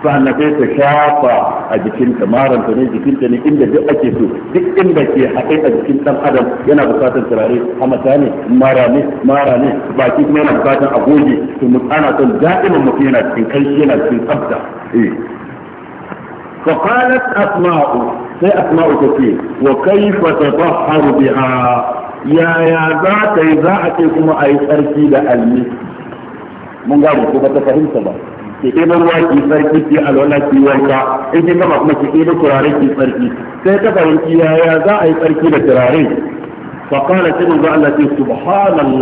sa'annan sai ta shafa a jikinta maranta ne jikinta ne inda duk ake so duk inda ke haɗe a jikin ɗan adam yana bukatar turare hamata ne mara ne mara ne baki kuma yana bukatar agoge to ana son da'iman mutum yana cikin kai yana cikin tsafta eh. فقالت أسماء هي أسماء كثير وكيف تظهر بها يا يا ذات أتيكم أي سرتي لألمي من قال كيف تفهم سبا كيف الواقع سرتي في الولاة والكا إذا ما ما كيف كراري في سرتي سيتفهم يا يا ذات سرتي لكراري فقالت إن الله سبحان الله